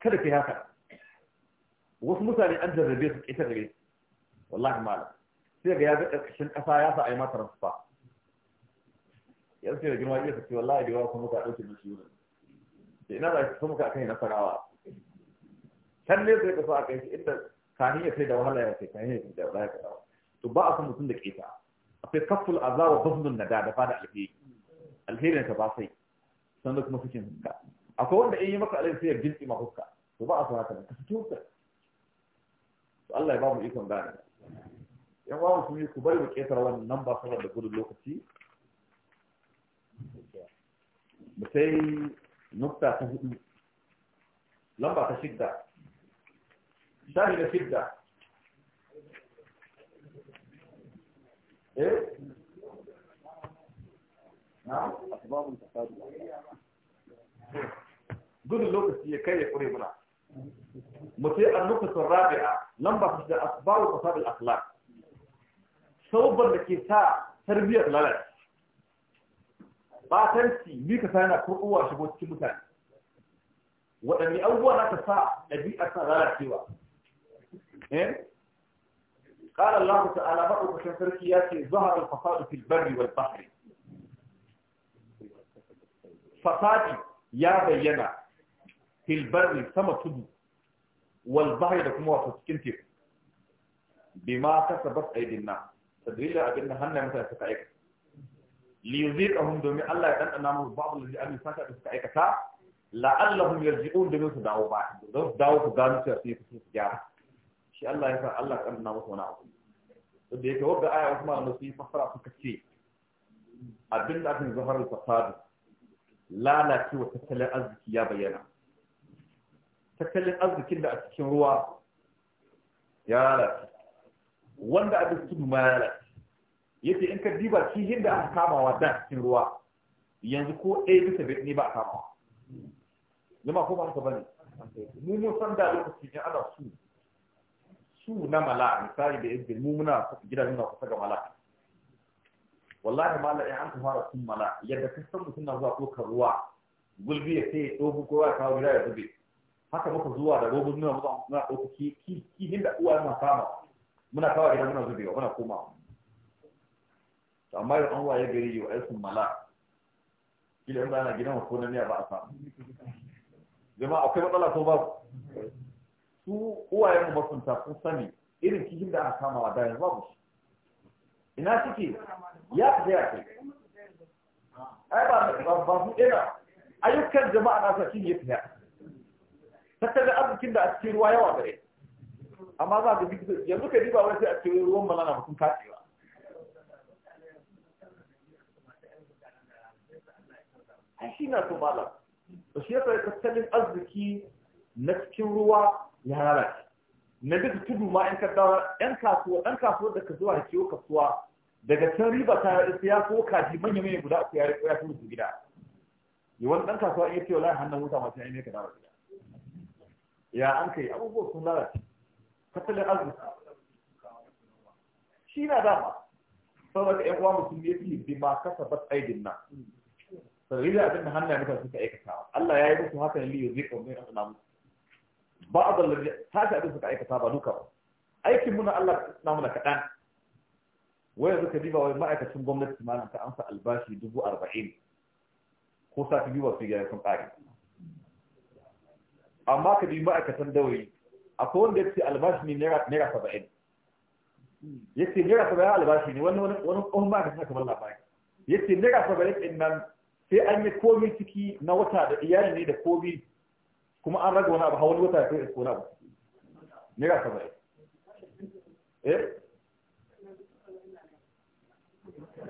kada ka yi haka wasu mutane an jarrabe su ita gare su wallahi malam sai ga ya ga ƙashin ƙasa ya sa a yi mata rasuwa yanzu sai da girma iya su wallahi da yawa kuma ka ɗauke mishi da ina za a kuma ka akan yi nasarawa can ne zai ka so a kai shi inda kani ya sai da wahala ya sai kani ya sai da wahala ya sai to ba a san mutum da ƙeta akwai kaful azaba bazdun nada da fada alheri alherin ka ba sai sannan kuma cikin ka akwai wanda in yi maka alheri sai ya gintsi ma fuska to ba a so haka ka fito ka to Allah ya ba mu ikon gane yan uwa yi ku bari mu ketara wannan ba saboda gudun lokaci mu sai nukta ta hudu lamba ta shidda shahi da shidda eh نعم. أسباب تساعدنا دون اللوكس هي كي يكون هنا مثل النقطة الرابعة نمبر في أسباب تساعد الأخلاق سبب لكيسا تربية الأخلاق باتن سي مي كسانا كوكو واشبو تشبوتان وأني أول تساع أبي أسنى غالا سوا إيه؟ قال الله تعالى بقى وكشن تركياتي ظهر الفساد في البر والبحر fasadi ya bayyana fil barri sama tudu walbahi da kuma wasu cikin teku bima kasabat aydin nas tadrila abin da hannayen mutane suka aikata li yuziqahum domin Allah ya ɗanɗana musu babu allazi amin sata da suka aikata la'allahum yarji'un domin su dawo ba don su dawo su gano cewa sai su gyara shi Allah ya sa Allah ya dandana musu wani abu da yake wadda aya wasu malamai sun yi fassara suka ce abin da aka yi zahar al-fasadu lalacewa tattalin arziki ya bayyana tattalin arzikin da a cikin ruwa ya lalace wanda abin duk tudu ma ya lalace yake in ka diba shi da aka kamawa da cikin ruwa yanzu ko ɗaya bisa bai ne ba a kamawa zama ko ba haka ne? mu mun san da lokacin in ana su su na mala misali da yadda mu muna gidajen na kusa ga mala wallahi malam in an ka fara kummala yadda ka san mutum na zuwa ɗaukar ruwa gulbi ya sai dogon kowa ya kawo gida ya zube haka muka zuwa da robin nuna muka muna ki ki hinda uwa yana kama muna kawo gida muna wa muna komawa amma yau an waye gari yau ai mala kila in ana na gidan ko na niya ba a samu jama'a akwai matsala ko ba su uwayen mu masunta sun sani irin kihin da aka kama wa da yanzu babu ina suke ya fi zai kai ai ba ba mu ɗaya ayyukan jama'a na sa shine ya fi tattalin arzikin da a cikin ruwa yawa gare amma za ka bi yanzu ka riba wani sai a cikin ruwan na mutum kacewa ai shi na so malam to shi ya yasa tattalin arziki na cikin ruwa ya lalace na duka tudu ma yan kasuwa yan kasuwa da ka zuwa da kiwo kasuwa daga can riba ta ya ko kaji manya manya guda uku ya ya turu su gida ya wani dan kasuwa ya ce wallahi hannun wuta masu yayin ka dawo gida ya an kai abubuwa sun lalace tattalin arziki shi na dama saboda 'yan uwa mutum ya fi bi ma kasa ba aidin nan saboda da abin da hannaye mutane suka aikata Allah ya yi musu haka ne liyo zai kaume a tsanamu ba a zallar tashi abin suka aikata ba duka ba aikin muna Allah na muna kaɗan wai suka diba wai ma'aikacin gwamnati ma ta amsa albashi dubu arba'in ko sa fi biyu su gaya sun ƙari amma ka bi ma'aikatan dauri akwai wanda ya ce albashi ne naira saba'in ya ce naira saba'in albashi ne wani wani tsohon ma'aikacin kamar labari ya ce naira saba'in ɗin nan sai an yi komi ciki na wata da iyali ne da komi kuma an raga wani abu hawan wata ya kai isko na abu naira saba'in eh Zan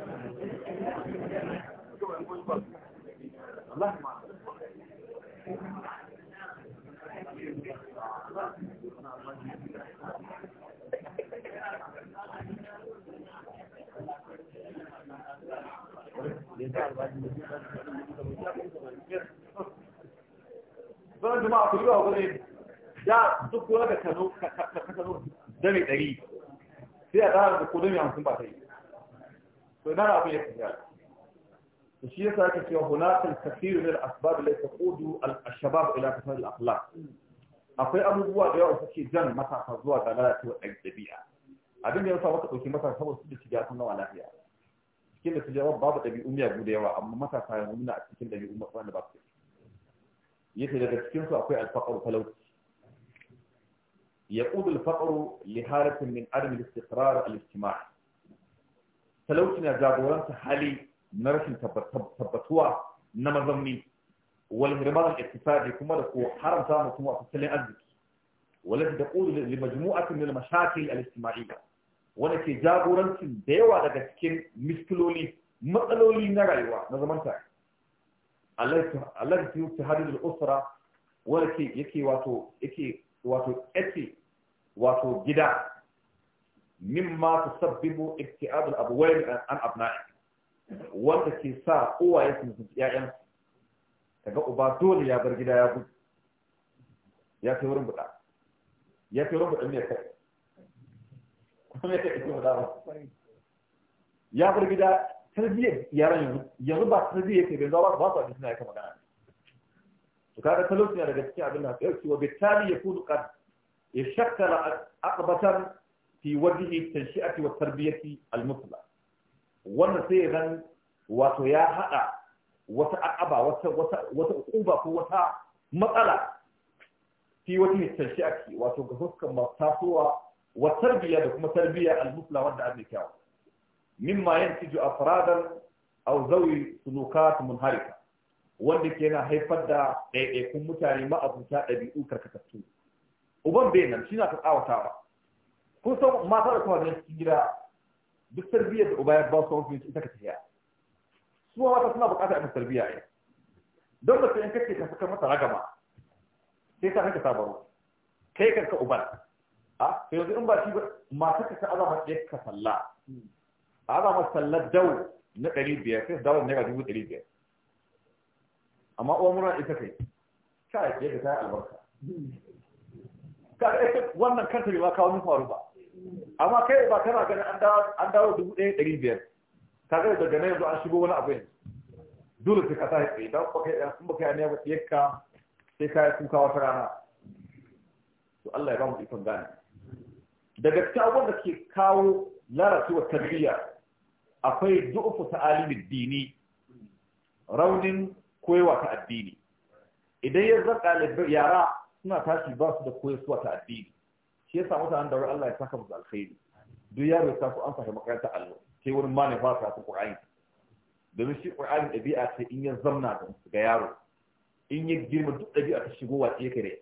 jama'a ku yi wa wani da duk wani ka kano dari ɗari sai a tsara da kudin yankin ba ta yi. فنرى هناك الكثير من الأسباب التي تقود الشباب إلى فساد الأخلاق. أقول أبو بوا جاء وفكي جن متى تزوى دلالة والأجدبية. أبين يوصى وقت وكي متى تزوى سيد السجارة الله على فيها. كل السجارة باب أبي أمي أبو ديوة أما متى تزوى من أكتكين أبي أمي أبو ديوة أبو ديوة. يتلقى تسكين سوى أقول الفقر فلو يقود الفقر لحالة من عدم الاستقرار الاجتماعي. talauci na jagoranta hali na rashin tabbatuwa na mazamni wal hirman kuma da ko haramta mutum a tattalin arziki walati da qulu li majmu'atin min al-mashakil al-ijtima'iyya wanda ke jagoranci da yawa daga cikin miskiloli matsaloli na rayuwa na zamanta tare Allah ta hadin usra wanda ke yake wato yake wato ete wato gida مما تسبب اكتئاب الابوين عن ابنائهم وانت كيسا قوة يسمى سيائن تقعوا بادون يا برجلا يا بود يا تورم بقى يا تورم بقى مية كتب يا برجلا تلبية يا رجل يا تلبية في بنزوار باطا بسنا يا كمان وكان تلوثني على جسكي عبد الله وبالتالي يكون قد يشكل أقبطا fi wajhi tanshi'ati wa tarbiyati al-musla wannan sai ran wato ya hada wata aqaba wata wata uquba ko wata matsala fi wajhi tanshi'ati wato ga huskan masu tasowa wa tarbiya da kuma tarbiya al-musla wanda an kyawu mimma yantiju afradan aw zawi sulukat munharika wanda ke na haifar da ɗaiɗaikun mutane ma'abuta ɗabi'u karkatattu uban bai nan shi na ta tsawatawa kun san mata da kuma ganin cikin gida duk tarbiyyar da uba ya ba su wani ita ka tafiya su mata suna bukatar abin tarbiyya ne don da in kace ka saka masa ragama sai ka haka sabaro kai kanka uban a sai yanzu in ba shi ba Masu ka azama ɗaya ka salla azama sallar dau na ɗari biyar sai su dawo da ga dubu ɗari biyar amma uwa mura ita kai ka ake da ta albarka ka wannan kanta bai ma kawo ni faru ba amma kai ba kana ganin an dawo dubu ɗaya ɗari biyar ka ga daga nan yanzu an shigo wani abu yanzu dole sai ka sa tsaye dan ba kai sun baka kai ne ba ka sai ka yi kuka wata rana to Allah ya ba mu ikon gane daga cikin abubuwan da ke kawo wa tarbiyya akwai du'ufu alimin dini raunin koyewa ta addini idan ya zan yara suna tashi ba su da koyewa ta addini shi yasa mutanen da Allah ya saka musu alkhairi duk yaro ya saka an saka makaranta allo sai wani ma ne fara karatu qur'ani domin shi qur'ani ɗabi'a ce in ya zamna ga yaro in ya girma duk ɗabi'a ta shigo wa ce kare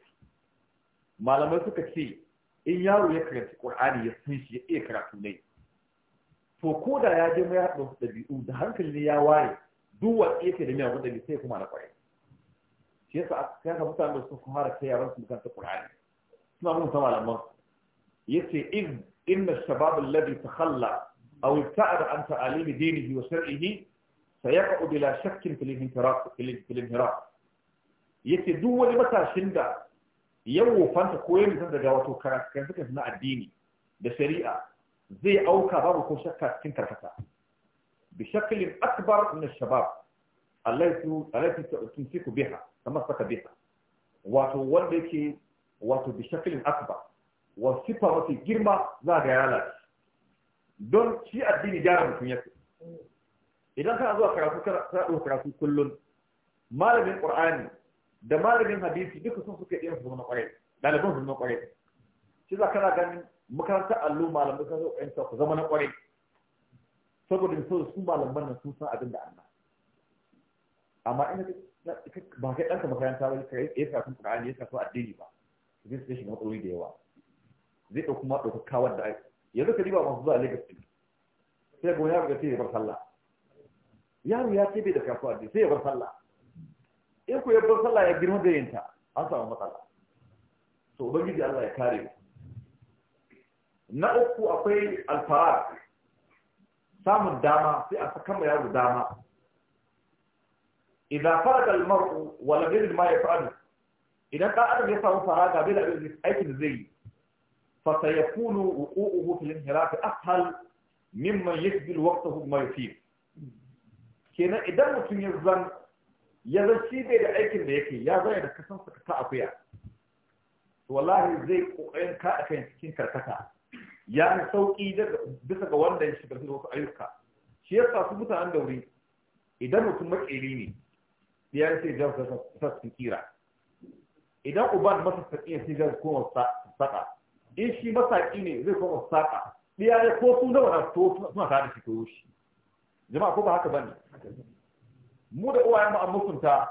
malamai suka ce in yaro ya karanta qur'ani ya san shi ya iya karatu ne to ko da ya je ya haɗa ɗabi'u da hankali ne ya ware duk wa ce da mai ɗabi'u sai kuma na kwarai shi yasa aka kasa mutanen da suka fara kai yaran su makaranta qur'ani suna mun ta malaman yace in inna shabab alladhi takhalla aw ibta'ada an ta'alim dinihi wa shar'ihi sayaqa'u bila shakkin fil inhiraq fil inhiraq yace duk wani matashin da ya wofanta ko ya mutunta daga wato kan suka na addini da shari'a zai auka babu ko shakka cikin karkata bi shaklin akbar min shabab allati allati tumsiku biha kama saka biha wato wanda yake wato bi shaklin akbar wa sifa mafi girma za ga ya lalace don shi addini gyara mutum ya fi idan kana zuwa karatu kana zuwa karatu kullum malamin qur'ani da malamin hadisi duka sun suka iya zama kwarai ɗaliban su zama kwarai shi za kana ganin makarantar allo malamai kan zo ƙayan ku zama na kwarai saboda so su malaman nan sun san abin da Allah amma ina ba kai ɗanka makaranta ba ya karatun qur'ani ya karatun addini ba zai su shiga matsaloli da yawa zai ɗauki ma kawar da aiki yanzu ka riba masu zuwa Lagos sai ga yaro ga sai ya bar sallah yaro ya ce bai da kasuwa ne sai ya bar sallah in ku ya bar sallah ya girma da yinta an samu matsala to ubangiji Allah ya kare na uku akwai alfara samun dama sai a saka ma yaro dama idan da almar'u wala ghayr ma yaf'alu idan ɗan adam ya samu ga bai da aikin zai yi فسيكون وقوعه في الانحراف أسهل ممن يشغل وقته بما يفيد kenan idan mutum ya zan bai da aikin da yake ya zan da kasan sa ka akuya to wallahi zai kokarin ka a kan cikin karkata ya yi sauki bisa ga wanda ya shiga wasu ayyuka shi yasa su mutanen da wuri idan mutum makeri ne ya sai kira idan koma saka in shi masaki ne zai kuma saka ɗiya ya ko sun zama na to suna tare da shi koyo shi jama'a ko ba haka bane mu da uwaye mu an mutunta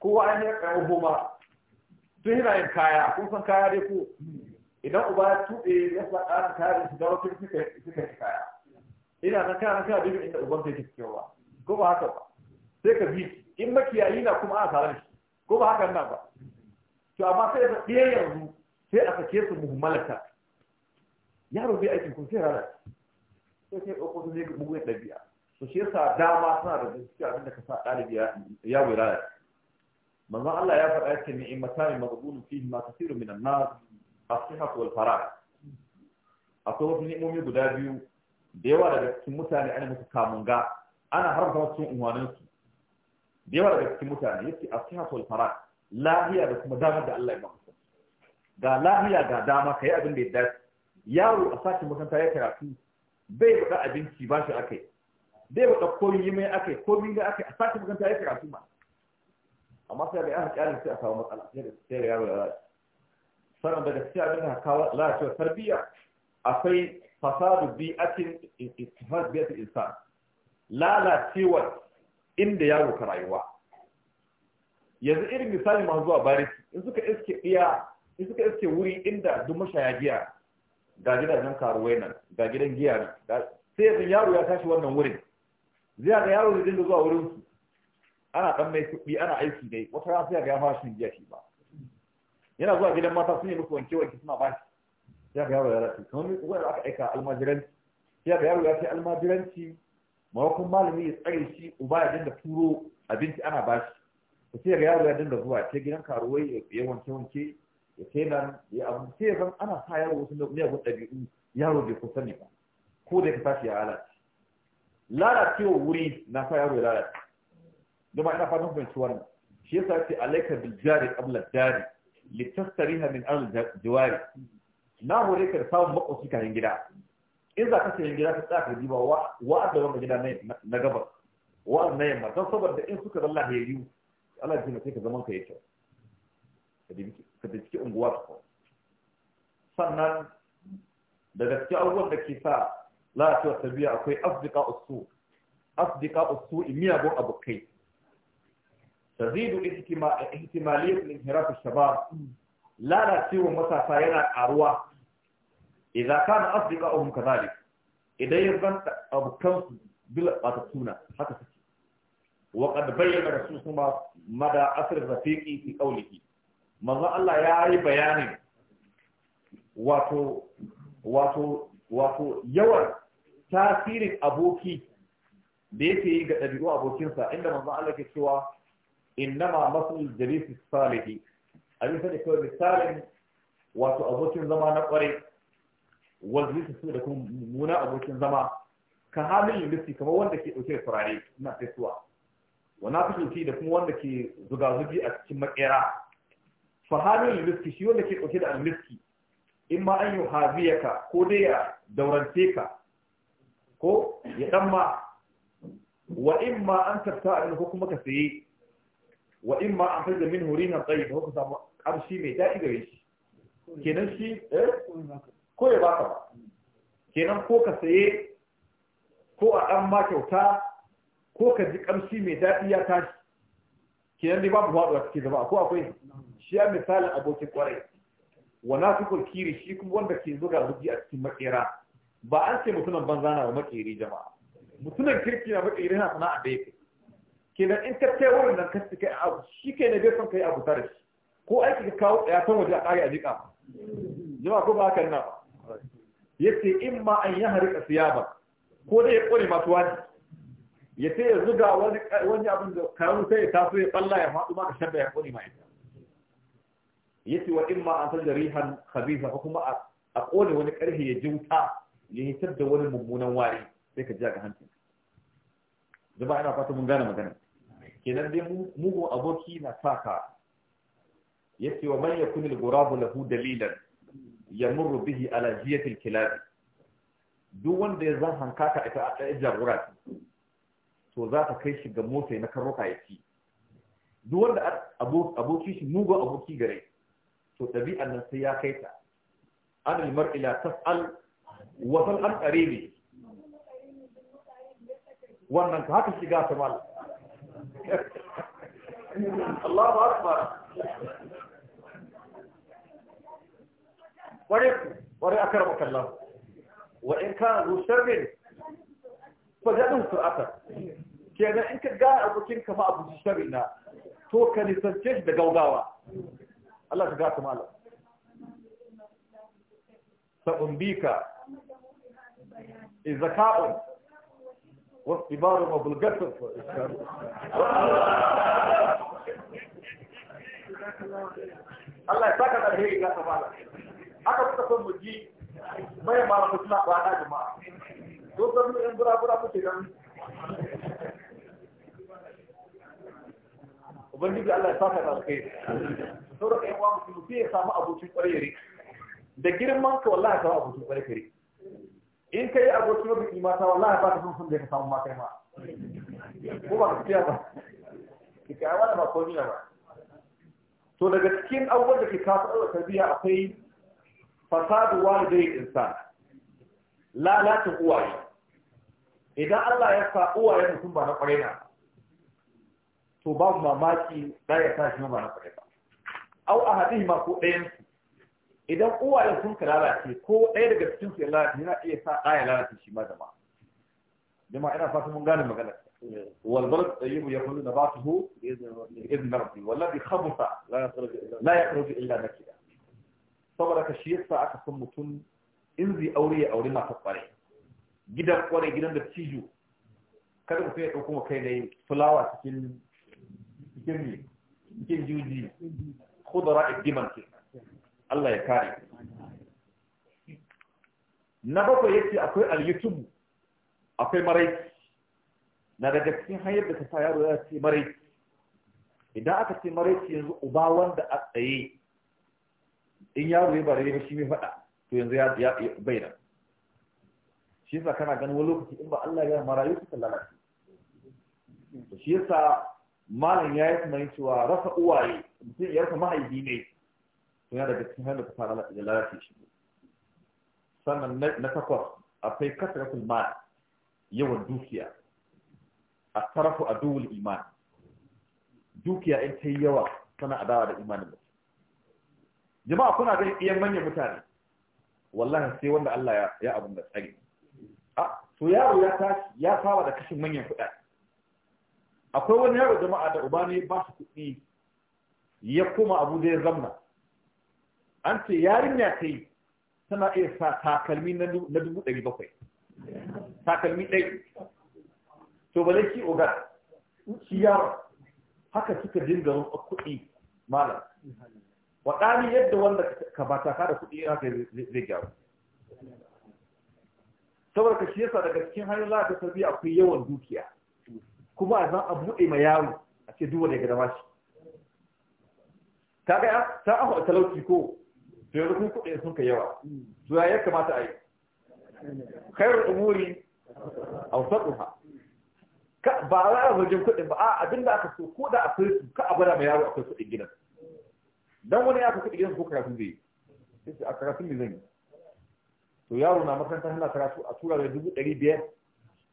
kowa ya ne kawo goma Sun yi yin kaya kun san kaya dai ko idan uba ya tuɓe ya sa ƙarin kaya da shiga wata suka suka yi kaya ina nan kana kana bibin inda uban ka yake cikin ko ba haka ba sai ka bi in makiyayi na kuma ana tare da shi ko ba haka nan ba to amma sai ka ɗaya yanzu sai a sake su muhimmalata yaro bai aikin kun sai rana sai sai ɗauko su ne ga mugun ɗabi'a to shi yasa dama suna da gaske abinda ka sa ɗalibi ya wai rana manzon Allah ya faɗa yake ni'imatan maghdubun fihi ma kathiru min an-nas as-sihhat wal farah akwai wasu ni'imomi guda biyu da yawa daga cikin mutane ana musu kamunga ana haramta wasu cikin unwaninsu da yawa daga cikin mutane yake as-sihhat wal farah lafiya da kuma damar da Allah ya ba ga lahiya ga dama ka yi abin da ya dace yaro a sakin makaranta ya karatu bai buka abinci ba shi akai bai buka komi mai akai komi ga akai a sakin makaranta ya karatu ma amma sai da yana kyalin sai a kawo matsala sai da yaro ya lalace sannan daga cikin abin da kawo lalacewar tarbiyya akwai fasadu bi'atin ittifaq bi'atin insan lalacewar inda yaro ka rayuwa yanzu irin misali masu zuwa bari in suka iske iya in suka iske wuri inda duk mashaya giya ga gidajen karuwai nan ga gidan giya nan sai yanzu yaro ya tashi wannan wurin zai ga yaro da dinga zuwa wurin su ana dan mai kuɗi ana aiki dai wata rana sai ga ya fara shan giya shi ba yana zuwa gidan mata sun yi musu wanke wanke suna ba shi sai ga yaro ya rafi kamar wanda aka aika almajiranci sai ga yaro ya ce almajiranci maimakon malami ya tsare shi uba ya dinga turo abinci ana ba shi sai ga yaro ya dinga zuwa sai gidan karuwai ya wanke wanke ya kenan ya abu sai zan ana sa yaro wasu miyagun ɗabi'u yaro bai kusa ne ba ko da ka tashi ya lalace lalacewa wuri na sa yaro ya lalace dama ina fatan fahimci wannan shi yasa ce alaika bil jari jari dari litastariha min al jawari na hore ka samun makwabci kayan gida in za ka sayan gida ka tsaka diba wa wa da gida na gabas wa na yamma don saboda in suka zalla hayyu Allah ya ji sai ka zaman ka yake ka binciki unguwa ta sannan daga cikin abubuwan da ke sa ta tabiya akwai asdika usu asdika usu miyagun abokai tazidu ihtimaliyyat inhiraf shabab lalacewa matasa yana karuwa idan kana asdiqahum kadhalik idan yazan abukan bil qatatuna haka take wa qad bayyana rasulullah mada asirin rafiki fi qawlihi manzon Allah ya yi bayanin wato wato wato yawan tasirin aboki da yake yi ga ɗabi'u abokinsa inda manzon Allah ke cewa ma masul jalisi salihi A sa da kawai misalin wato abokin zama na ƙware wanda su da kuma mummuna abokin zama ka halin lissi kamar wanda ke ɗauke da turare ina fesuwa wa na fi da kuma wanda ke zuga-zugi a cikin makera fahamin miski shi wanda ke ɗauke da almiski in ma an yi haziyaka ko dai ya daurance ka ko ya ɗan ma wa in ma an tafta a ko kuma ka saye wa in ma an fajda min hori na tsayi ko ka samu ƙarshi mai daɗi gare shi kenan shi eh? ko ya baka ba kenan ko ka saye ko a ɗan ma kyauta ko ka ji ƙarshi mai daɗi ya tashi kenan dai babu faɗuwa cikin zama ko akwai shi ya misalin abokin kwarai wana nafiqul kiri shi kuma wanda ke zuga hujji a cikin makera ba an ce mutumin banza na wa makeri jama'a mutumin kirki na makeri na sana'a da Ke kenan in ka kai wurin nan ka kai abu shi kai na bai son kai abu tare shi ko aiki ka kawo ya san waje a kare a jika jama'a ko ba haka nan ba Ya ce in ma an ya harika ba. ko da ya kore masu wani ya ce ya zuga wani abin da karu sai ya taso ya balla ya faɗo ma ka shabba ya kore ma ita yace wa imma an sanda rihan khabitha ko kuma a kone wani karfe ya jinta ya hitar da wani mummunan wari sai ka ja ga hancin zama ina fata mun gane magana kenan dai mugu aboki na saka yace wa man yakun al-ghurab lahu dalilan yamur bihi ala jiyati al-kilab duk wanda ya zan hanka ka ita a ɗaya jagora to za ka kai shi ga mota na karroka ya ci duk wanda aboki shi mugu aboki gare فتبيئة النسية كيسا أنا المرء لا تسأل وصل أن أريني وأن ننتهك الشيقاة مال الله أكبر وريك وري أكرمك الله وإن كان ذو شر فجأته سوء أثر كأن إنك قائع وكينك ما أبو شرنا توكا لسنجيش بقوضاوة Allah ka gata malam sa'umbika izaka'un واختبار وبالقصف Allah ya saka da alheri ga kamala. Haka kuka son mu ji mai mara mutuna ba na jama'a. Dokan mu ɗan bura-bura kuke nan ubangiji Allah ya saka da alkhairi saboda kai uwa mutum sai ya samu abokin kwarai da girman ka wallahi ka abokin kwarai in kai abokin mafi mata wallahi ba ka son sun da ka samu ma kai ma ko ba ka tsaya ba ki ka wala ba ko ni ba to daga cikin abubuwan da ke kafa tarbiyya akwai fasadu walidai insan lalacin uwaye idan Allah ya sa uwaye mutum ba na kwarai na to babu mamaki za ya tashi ma ba na kwarai ba au a hadin ma ko ɗayan su idan uwayen sun ka lalace ko ɗaya daga cikin su ya lalace yana iya sa ɗaya lalace shi ma jama'a jama'a ina fata mun gane magana والبلد الطيب يخرج نباته بإذن ربي والذي خبث لا يخرج na نكدا saboda ka shi yasa aka san mutum in zai aure ya aure masu kware gidan kware gidan da ciju. kada ku ya ɗauko kai da fulawa cikin cikin cikin juji khudara ibdiman ke Allah ya kare na bakwai yace akwai al-youtube akwai maraici na daga cikin hanyar da ta sa yaro ya ce maraici idan aka ce maraici yanzu uba wanda a tsaye in yaro ya bare ba shi mai faɗa to yanzu ya bai nan shi yasa kana ganin wani lokaci in ba Allah ya marayu yau ta lalace to shi yasa malam ya yi tunanin cewa rasa uwaye mutum ya rasa mahaifi ne yana daga cikin hanyar da fara da lalace shi sannan na takwas akwai kasaratul mal yawan dukiya a tarafu a duwul iman dukiya in ta yi yawa tana adawa da imanin mutum jama'a kuna ganin iyan manyan mutane wallahi sai wanda Allah ya abun da tsari a ah, to yaro ya tashi ya fara da kashin manyan kuɗaɗe akwai wani yaro jama'a da uba ne ba su kuɗi ya koma abu zai zamna an ce yarinya ta yi tana iya sa takalmi na dubu ɗari bakwai takalmi ɗai to ba shi ogar shi yaro haka suka dinga rumfa kuɗi malam waɗani yadda wanda ka ba ta da kuɗi ka zai gyaru saboda ka shi yasa daga cikin hanyar za ka tarbiya akwai yawan dukiya kuma a zan a buɗe ma yaro a ce duk daga dama shi mashi ta ga ta ahu a talauci ko da yanzu kun kuɗe sun ka yawa Su ya ya kamata a yi khairul umuri awsatuha ka ba a wajen kuɗin ba a abinda aka so ko da kai su ka a gwada ma yaro akwai kuɗin gidan dan wani ya ka kuɗin gidan ko karatu zai yi sai a karatun ne zan yi to yaro na makarantar hana karatu a tura da dubu ɗari biyar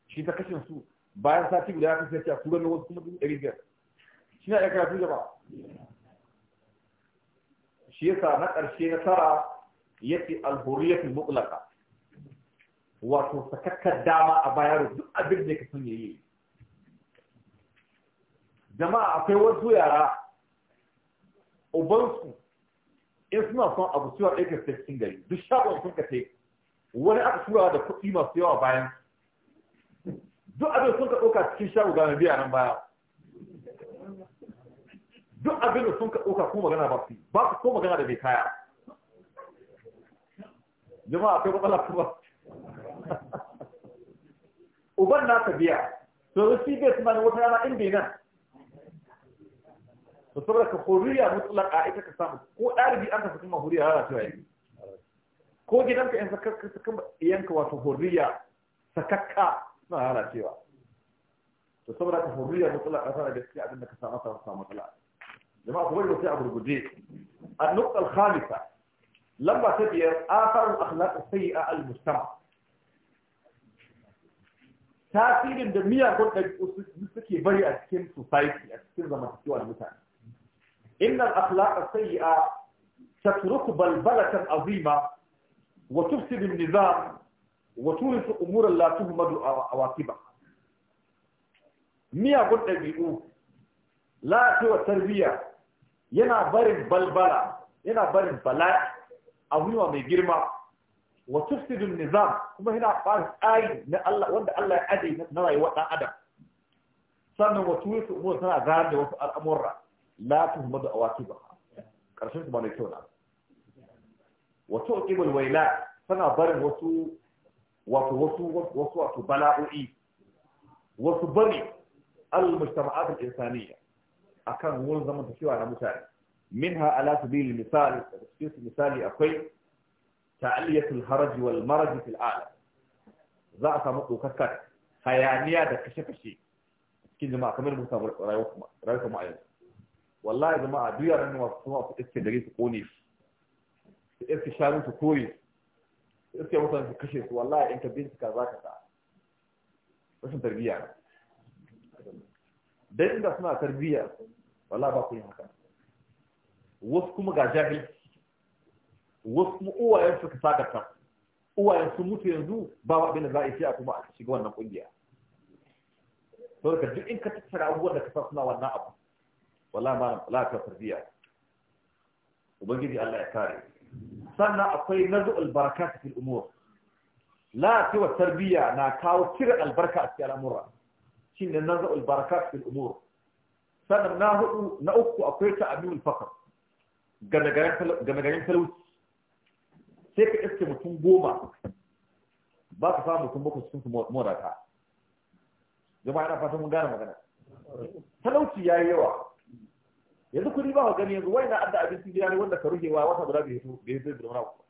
shi ta kashin su bayan sati guda ya kasance a turan wasu kuma dubu ɗari biyar shi na iya karatu gaba shi yasa na ƙarshe na tara yace alhuriyatul mutlaka wato sakakkar dama a bayan duk abin da ka sanya yi jama'a akwai wasu yara ubansu in suna son abu cewa ɗaya ka cikin gari duk shagon sun ka wani aka tura da kuɗi masu yawa bayan su duk abin sun ka ɗauka cikin shago ga mai biya nan baya duk abin da sun ka ɗauka ko magana ba su ba su ko magana da mai kaya jama'a akwai matsala kuma uban na ka biya to shi bai suna wata rana inda nan to saboda ka horiya a ita ka samu ko ɗalibi an ka fi kuma horiya rana ta yi ko gidanka in sakakka iyanka wato horiya sakakka النقطة الخامسة لما تبير آثار الأخلاق السيئة المجتمع تاثير ان دميا كون دك سكي بري اسكين سوسايتي اسكين زما تيوا المثال ان الاخلاق السيئه تترك بلبله عظيمه وتفسد النظام wa turisu umuran la tuhmadu awaqiba miyagun ɗabi'u lafiyar tarbiyya yana barin balbala yana barin bala'i a wiwa mai girma wa tufsidun nizam kuma yana fara tsari na Allah wanda Allah ya aje na rayuwar adam sannan wa turisu umuran tana zahar da wasu al'amurra la tuhmadu awaqiba karshen su ba na wa waila tana barin wasu wato wasu wasu wato bala'o'i wasu bari al-mujtama'at al-insaniyya akan wurin zamantakewa na mutane منها على سبيل المثال تخصيص مثالي أقول تعلية الهرج والمرج في العالم za a samu ɗaukakar hayaniya da kashe-kashe cikin jama'a kamar musa rayuwar mu a yanzu wallahi jama'a duk yaran nan masu kuma su iske gari su kone su iske shanu su kore suke mutum su kashe su wallahi in ka bincika za ka sa rashin tarbiyya dan inda suna tarbiyya wallahi ba ku yin haka wasu kuma ga jahil wasu kuma uwayen suka sagata uwayen sun mutu yanzu ba abin da za a yi a kuma a shiga wannan kungiya ka duk in ka tattara abubuwan da ka san suna wannan abu wallahi ma la ta tarbiyya ubangiji Allah ya kare sannan akwai albarka barakatu fil umur lati wa tarbiya na kawo cire albarka a cikin al'amura shine albarka barakatu fil umur sannan na hudu na uku akwai ta'amul fakr ganagarin talauci sai ka iske mutum goma ba ka samu mutum bakwai cikin morata jama'a yana fatan mun gane magana talauci ya yi yawa yanzu kudi ba ku gani yanzu wai na adda abinci gida ne wanda ka rugewa wata guda biyu hito bai zai zurmana ku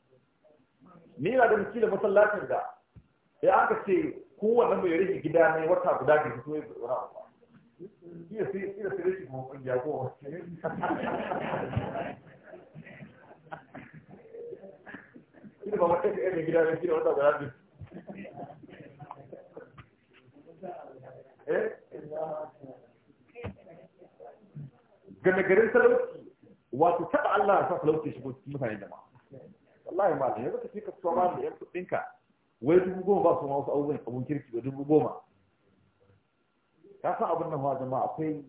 ni na da mutila masallacin da ya aka ce kowanne mai rufe gida ne wata guda bai hito bai zurmana ku iya sai iya sai rashin kuma kungiya ko ina ba wata ɗaya gida ne gida wata guda bai eh gane garin talauci wato taɓa Allah ya sa talauci shigo cikin mutane da ma wallahi ma yanzu ka fika suwa ma da yan kuɗinka wai dubu goma ba su ma wasu abubuwan abun kirki ba dubu goma ka san abin nan ma akwai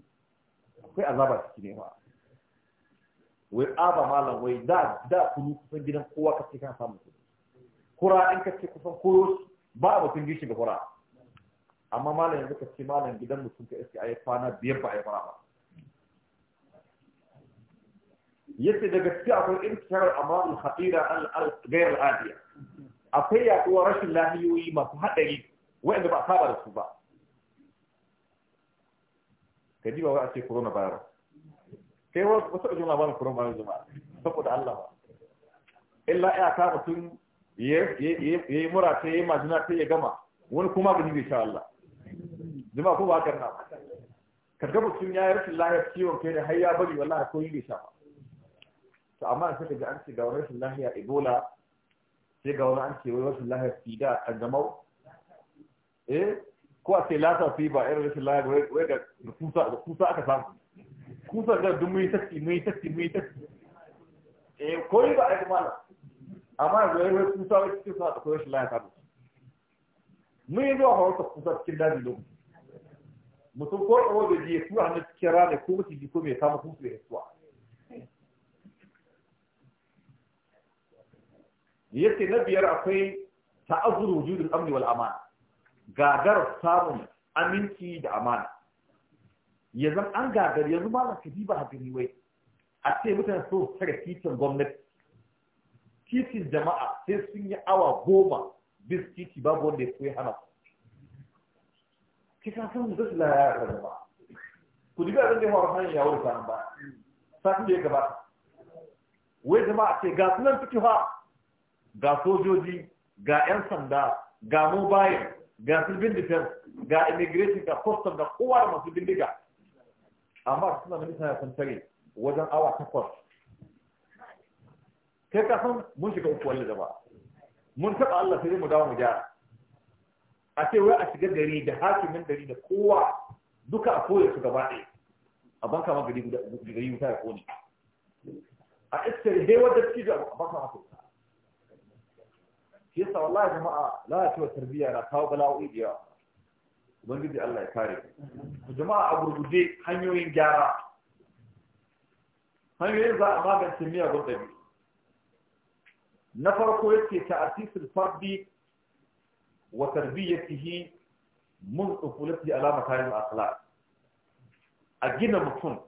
akwai azaba ciki ne ma wai aba malam wai da da kunu kusan gidan kowa ka ce kana samun kudi kura in ka ce kusan koyo ba a mutum gishi ga kura amma malam yanzu ka ce malam gidan mutum ka iske a yi kwana biyar ba a yi kura ba yace da gaskiya akwai intisar amal khatira al ghayr al adiya akwai yaduwar rashin lahiyoyi masu hadari wanda ba saba da su ba ji ba wai a ce corona virus Sai wasu ajiyar labarin corona virus jama'a saboda Allah ba illa ya ka mutum ya yi mura ta yi majina ta ya gama wani kuma gani bai sha Allah jama'a ko ba kan na ka ga mutum ya yi rashin lahiyar ciwon kai da har ya bari wallahi ko yi bai sha ba to amma sai ga an ce ga wani rashin lahiya ebola sai ga wani an ce wani rashin lahiya sida kanjamau eh ko a ce lasa fi ba irin rashin lahiya wai ga kusa aka samu kusa ga dun mun tafi mun tafi mun tafi eh ko yi ba yi mana amma wai wai kusa wai cikin sa da rashin lahiya ka mun yi zuwa hawarta kusa cikin daji lokaci mutum ko ɗawo da jiya a hannun cikin rana ko mutum ko mai kama kusa ya suwa yake na biyar akwai ta'azzur wujudul amni wal amana gagar samun aminci da amana Ya zan an gagar yanzu malam ba hadiri wai a ce mutane so tare titin gwamnati titin jama'a sai sun yi awa goma bis titi babu wanda ya koyi hana su kika san mu gasu la ya ga ba ku diga zan da hawar hanya wurin ba sai da ya gabata wai jama'a ce ga sunan fitiha ga sojoji ga 'yan sanda ga mobile ga civil defense ga immigration ga custom da kowa da masu bindiga amma suna da mutane ya tare wajen awa takwas kai ka san mun shiga uku wani zama, mun taɓa Allah sai mu dawo mu gyara a ce wai a shiga gari da hakimin gari da kowa duka a koya su gaba ɗaya a banka ma gari gari wuta ya kone a iskari dai wadda suke a banka ma shi yasa wallahi jama'a ya lalacewa tarbiyya na kawo bala'o'i da yawa ubangiji Allah ya kare ku jama'a a gurguje hanyoyin gyara hanyoyin za a magance miyagun ɗabi na farko yake ta asisul fardi wa tarbiyyatihi mun tsokulati alama kayan akhlaq a gina mutum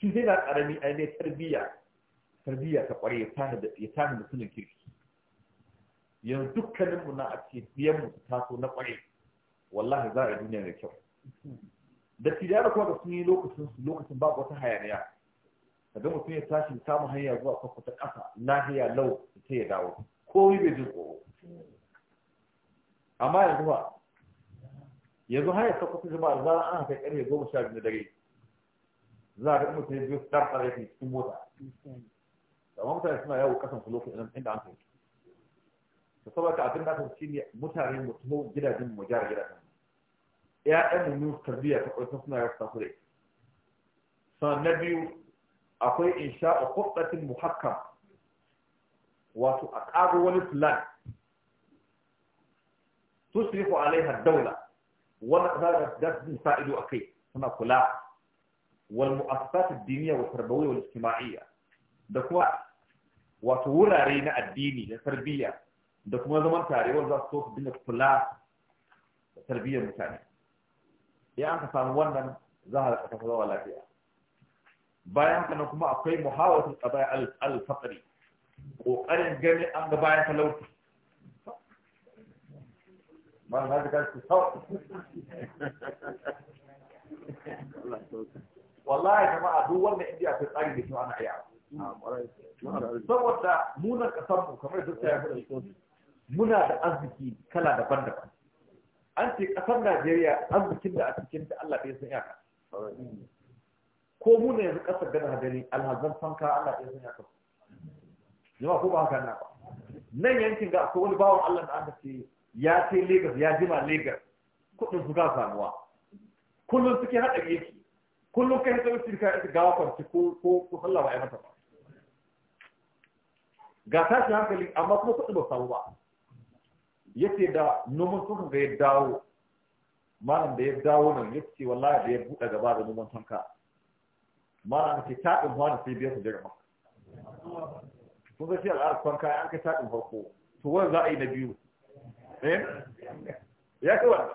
tun zai na karami ainihin tarbiyya tarbiyya ta kware ya tana da mutumin kirki yanzu dukkanin mu na a ce biyan mu su taso na kware wallahi za a yi duniya da kyau da tijara da kuma da sun yi lokacin su lokacin babu wata hayaniya kaga mutum ya tashi samu hanya zuwa kwakwa ta ƙasa lahiya lau ta ya dawo komai bai jin tsoro amma yanzu ba yanzu hanyar ta kusa jama'a za a kai karfe goma sha biyu na dare za a ga mutum ya biyo ɗan tsar yake cikin mota amma mutane suna yawo kasan su lokacin inda an kai to saboda abin da aka shine mutane mu tumo gidajen mu gyara gidajen ya'yan mu mu tarbiyya ta kwaita suna yasa kure sannan na biyu akwai insha'u khubbatin muhakkam wato a ƙaro wani plan tusrifu alaiha daula wannan ƙasa da su sa ido a kai suna kula wal mu'assasat ad-diniyya wa tarbawiyya wal ijtima'iyya da kuma wato wurare na addini da tarbiyya دك ما زمان تاري ولا صوت بينك فلا تربية مكان يعني أنت فان وانا ظهر كفلا ولا فيها بيان كنا كم أقوي محاولة أباء الفقري وقرن جميع أن بيان فلو ما هذا كان سوء والله يا جماعة دول ما عندي أفكار غير بس أنا أعرف سوى ده مو نكتب كمان دكتور muna da arziki kala daban-daban an ce ƙasar Najeriya arzikin da a cikin ta Allah ɗaya sun yaka ko mu ne yanzu ƙasar gana hadari alhazan fanka Allah ɗaya sun yaka jama ko ba haka na ba nan yankin ga akwai wani bawan Allah da aka ce ya ce Lagos ya jima Lagos kuɗin su ga samuwa kullum suke haɗa yake kullum kai ta wuce ka ita gawa kwanci ko ko ko sallah ba ya mata ba ga tashin hankali amma kuma kuɗi ba samu ba yace da noman tonka ga ya dawo malam da ya dawo nan ya ce wallahi da ya buɗe gaba da noman tonka malam ce taɗin wani sai biyar su daga maka kun ga shi al'adar tonka an ta taɗin farko to wani za a yi na biyu eh? ya kai wani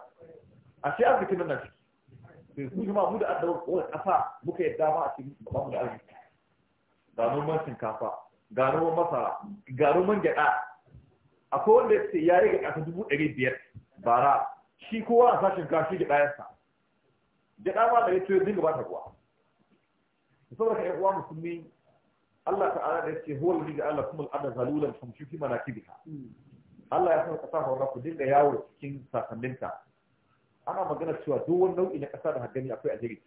a shi arziki nan na sai su ma mu da dawo kowace ƙasa muka yadda ma a cikin ba mu da arziki ga noman shinkafa ga noman masara ga noman gyaɗa akwai wanda ya ce ya yi ga ƙasa dubu ɗari biyar bara shi kowa a sashen kashi da ɗayansa gyaɗa ma da ya ce dinga ba ta kuwa saboda ka uwa musulmi Allah ta'ala da ya ce huwa lulli ga Allah kuma al'adar zalulan famshi fi mana kibika Allah ya san ƙasa haura ku dinga yawo cikin sasanninta ana magana cewa duk wani nau'i na ƙasa da hagani akwai a jirgi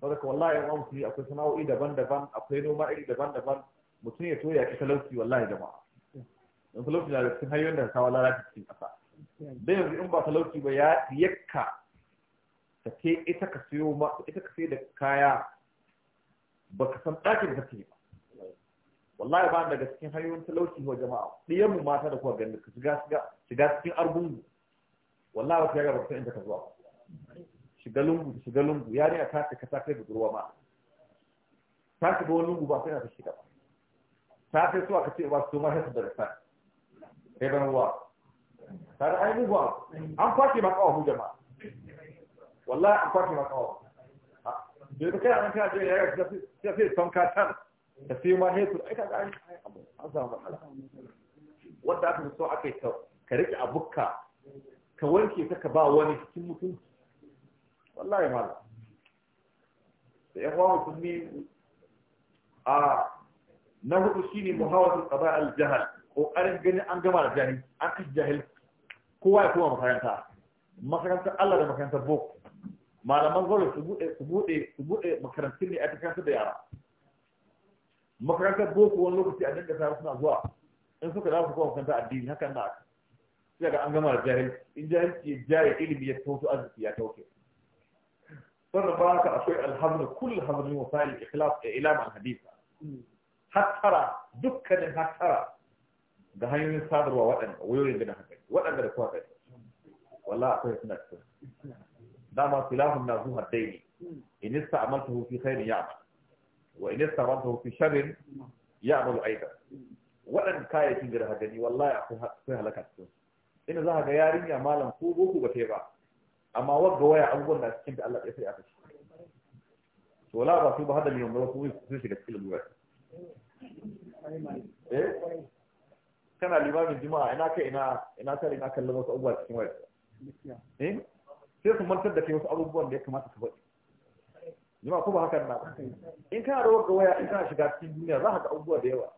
saboda ka wallahi uwa musulmi akwai sana'o'i daban-daban akwai noma iri daban-daban mutum ya toya ki talauci wallahi jama'a don talauci na da cikin hanyoyin da kawo lalata cikin ƙasa don yanzu in ba talauci ba ya yakka ta ke ita ka siyo ma ita ka da kaya ba ka san ɗaki da kake ba wallahi ba daga cikin hanyoyin talauci wa jama'a ɗiyan mu mata da kuwa ganin ka shiga shiga cikin argungu wallahi ta yaga ba ka inda ka zuwa shiga lungu shiga lungu ya ne a tashi ka sa kai budurwa ma ta shiga wani lungu ba sai na ta shiga ba ta kai su ka ce ba su ma sai su da sa sai ban ruwa tare an yi ruwa an kwace ma kawo an kwace ma kawo da an kana je ya ga sai sai son ka tan ta sai ma hetu ai ka ga an samu aka so yi ta ka ka wanke ta ka ba wani cikin mutunci wallahi mala da yan uwa musulmi a ah, na hudu shine muhawatul qada al jahal ƙoƙarin ganin an gama da jani an kashe jahil kowa ya koma makaranta makarantar Allah da makarantar bok malaman zaure su bude su bude su bude makarantun ne a cikin da yara makarantar bok wani lokaci a dinga tare suna zuwa in suka dawo su koma makarantar addini hakan na sai ga an gama da jahil in jahil ke jaye ilimi ya tauto arziki ya tauke sannan ba haka akwai alhamdu kullum hamdu wa fa'il ikhlas da ilama al hadisa hmm. hattara dukkanin hattara da hanyoyin sadarwa waɗanda wayoyin da haka waɗanda da kuwa gani wallahi akwai suna cikin dama silahun na zuwa daini in yasta amalta hufi khairin ya'mal wa in yasta amalta hufi sharrin ya'malu aidan waɗanda kayayyakin da haka gani wallahi akwai halaka cikin ina za ka ga yarinya malam ko boko ba ta ba amma wagga waya abubuwan da cikin da Allah ya sai aka ci to la ba su ba hada ne yamma ko su shiga cikin lura eh kana limamin juma'a ina kai ina ina kai ina kallon wasu abubuwa cikin wayar eh sai su mantar da kai wasu abubuwan da ya kamata ka faɗi juma'a ko ba hakan na in kana rawar da waya in kana shiga cikin duniya za ka ga abubuwa da yawa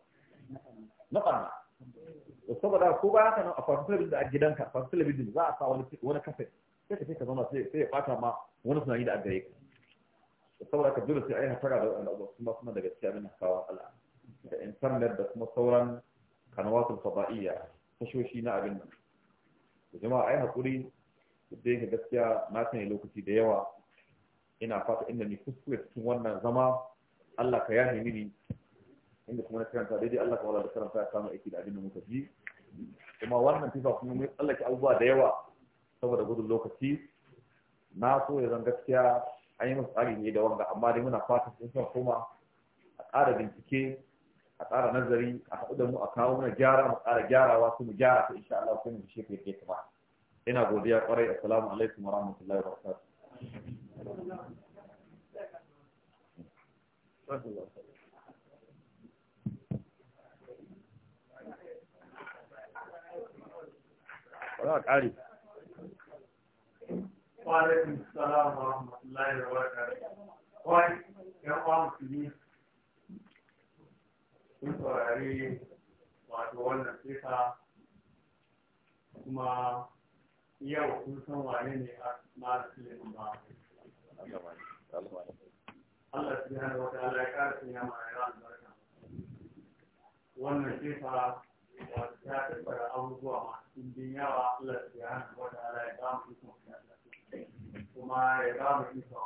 na ƙanna to saboda ko ba haka nan a fasu talabijin da a gidanka a fasu talabijin za a sa wani wani kafe sai ka sai ka zauna sai ya ɓata ma wani sunayi da a gare ka saboda ka dole sai a yi hasara da waɗanda abubuwa kuma suna daga cikin abin da kawo Allah da internet da kuma sauran kanawatul fada'iyya tashoshi na abin nan jama'a ai hakuri da yake gaskiya na sanya lokaci da yawa ina fata inda ni kuskure cikin wannan zama Allah ka yahe mini inda kuma na karanta daidai Allah ka wala da karanta ya samu aiki da abin da muka ji kuma wannan tifa kuma mun tsallake abubuwa da yawa saboda gudun lokaci na so ya zan gaskiya an yi masu tsari ne da wanda amma dai muna fata sun koma a ƙara bincike أقار نظري أقدم أقاوم جارة أقار جارة واسم جارة إن شاء الله وكما بشيك يكي طبعا هنا أقول يا قرية السلام عليكم ورحمة الله وبركاته وعليكم السلام ورحمة الله وبركاته وعليكم السلام ورحمة الله وبركاته sun saurari wato wannan sifa kuma yau kun san wane ne a malamin ba Allah su yana wata Allah ya kara sun yama a yaran barka wannan sifa wato ta tattara abubuwa masu bin yawa Allah su yana wata Allah ya kama kuma ya kama ikon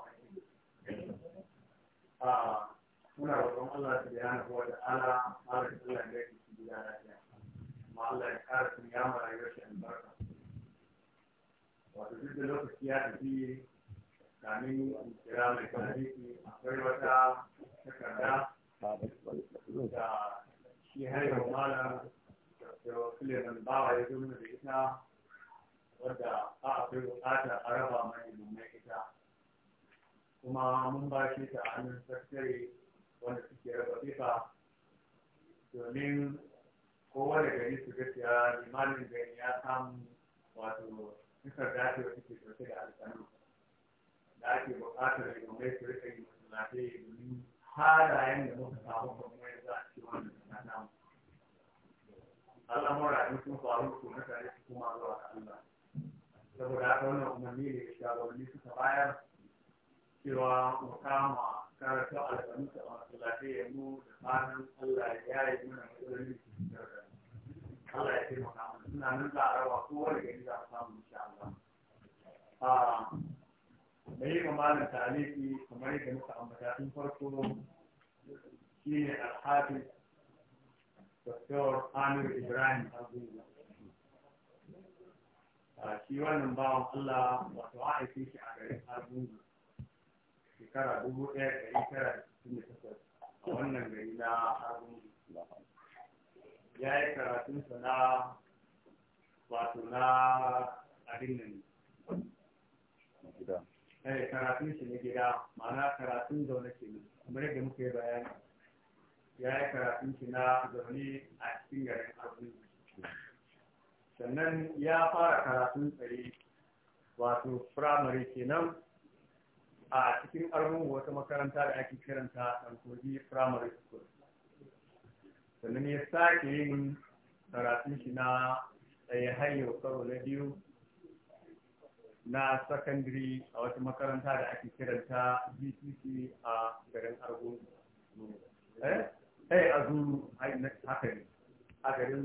aiki muna roƙon Allah ta bayana ko da ala Allah ya Allah ya ki gida lafiya amma Allah ya kara sun ya mara yau albarka wato duk da lokaci ya tafi kamin kira mai kwanaki akwai wata takarda da shi har yau malam da wakilin bawa ya zo da ita wadda a akwai bukatar a raba mai domin ita kuma mun ba shi ta hannun sassare wanda suke raba fifa domin kowa da gari su gaskiya limanin gari ya samu wato nufar dacewa suke ɗauke da alƙalu da ake buƙatar limamai su rika yi masu yi. domin halayen da muka samu kuma yadda a cikin na sana'a al'amura in sun faru ko mutane su kuma zuwa Allah saboda haka wannan umarni ne da shawarwari suka bayar cewa mu kama karatun alƙalu da masu ya mu da fatan Allah ya yi mana matsalolin da ke da Allah ya taimaka mana suna nan za a raba kowane gari za a samu insha Allah. Da yi mamalin taliki kamar yadda muka ambata tun farko shi ne alhafi Dr. Amir Ibrahim Abdullahi, Shi wannan bawan Allah wato a aiki shi a garin Abuja. shekara dubu ɗaya da ɗari tara da sittin da takwas a wannan gari na harbin ya yi karatunsa na wato na abin nan eh karatun shi na gida ma'ana karatun zaune ke nan kamar yadda muka yi bayani ya yi karatun shi na zaune a cikin garin harbin sannan ya fara karatun tsaye wato firamare kenan a cikin argungu wata makaranta da ake kiranta ɗankoji primary school sannan ya sake yin karatun shi na tsaye hanyar karo na biyu na secondary a wata makaranta da ake kiranta bcc a garin argungu eh, eh a zuru haka ne a garin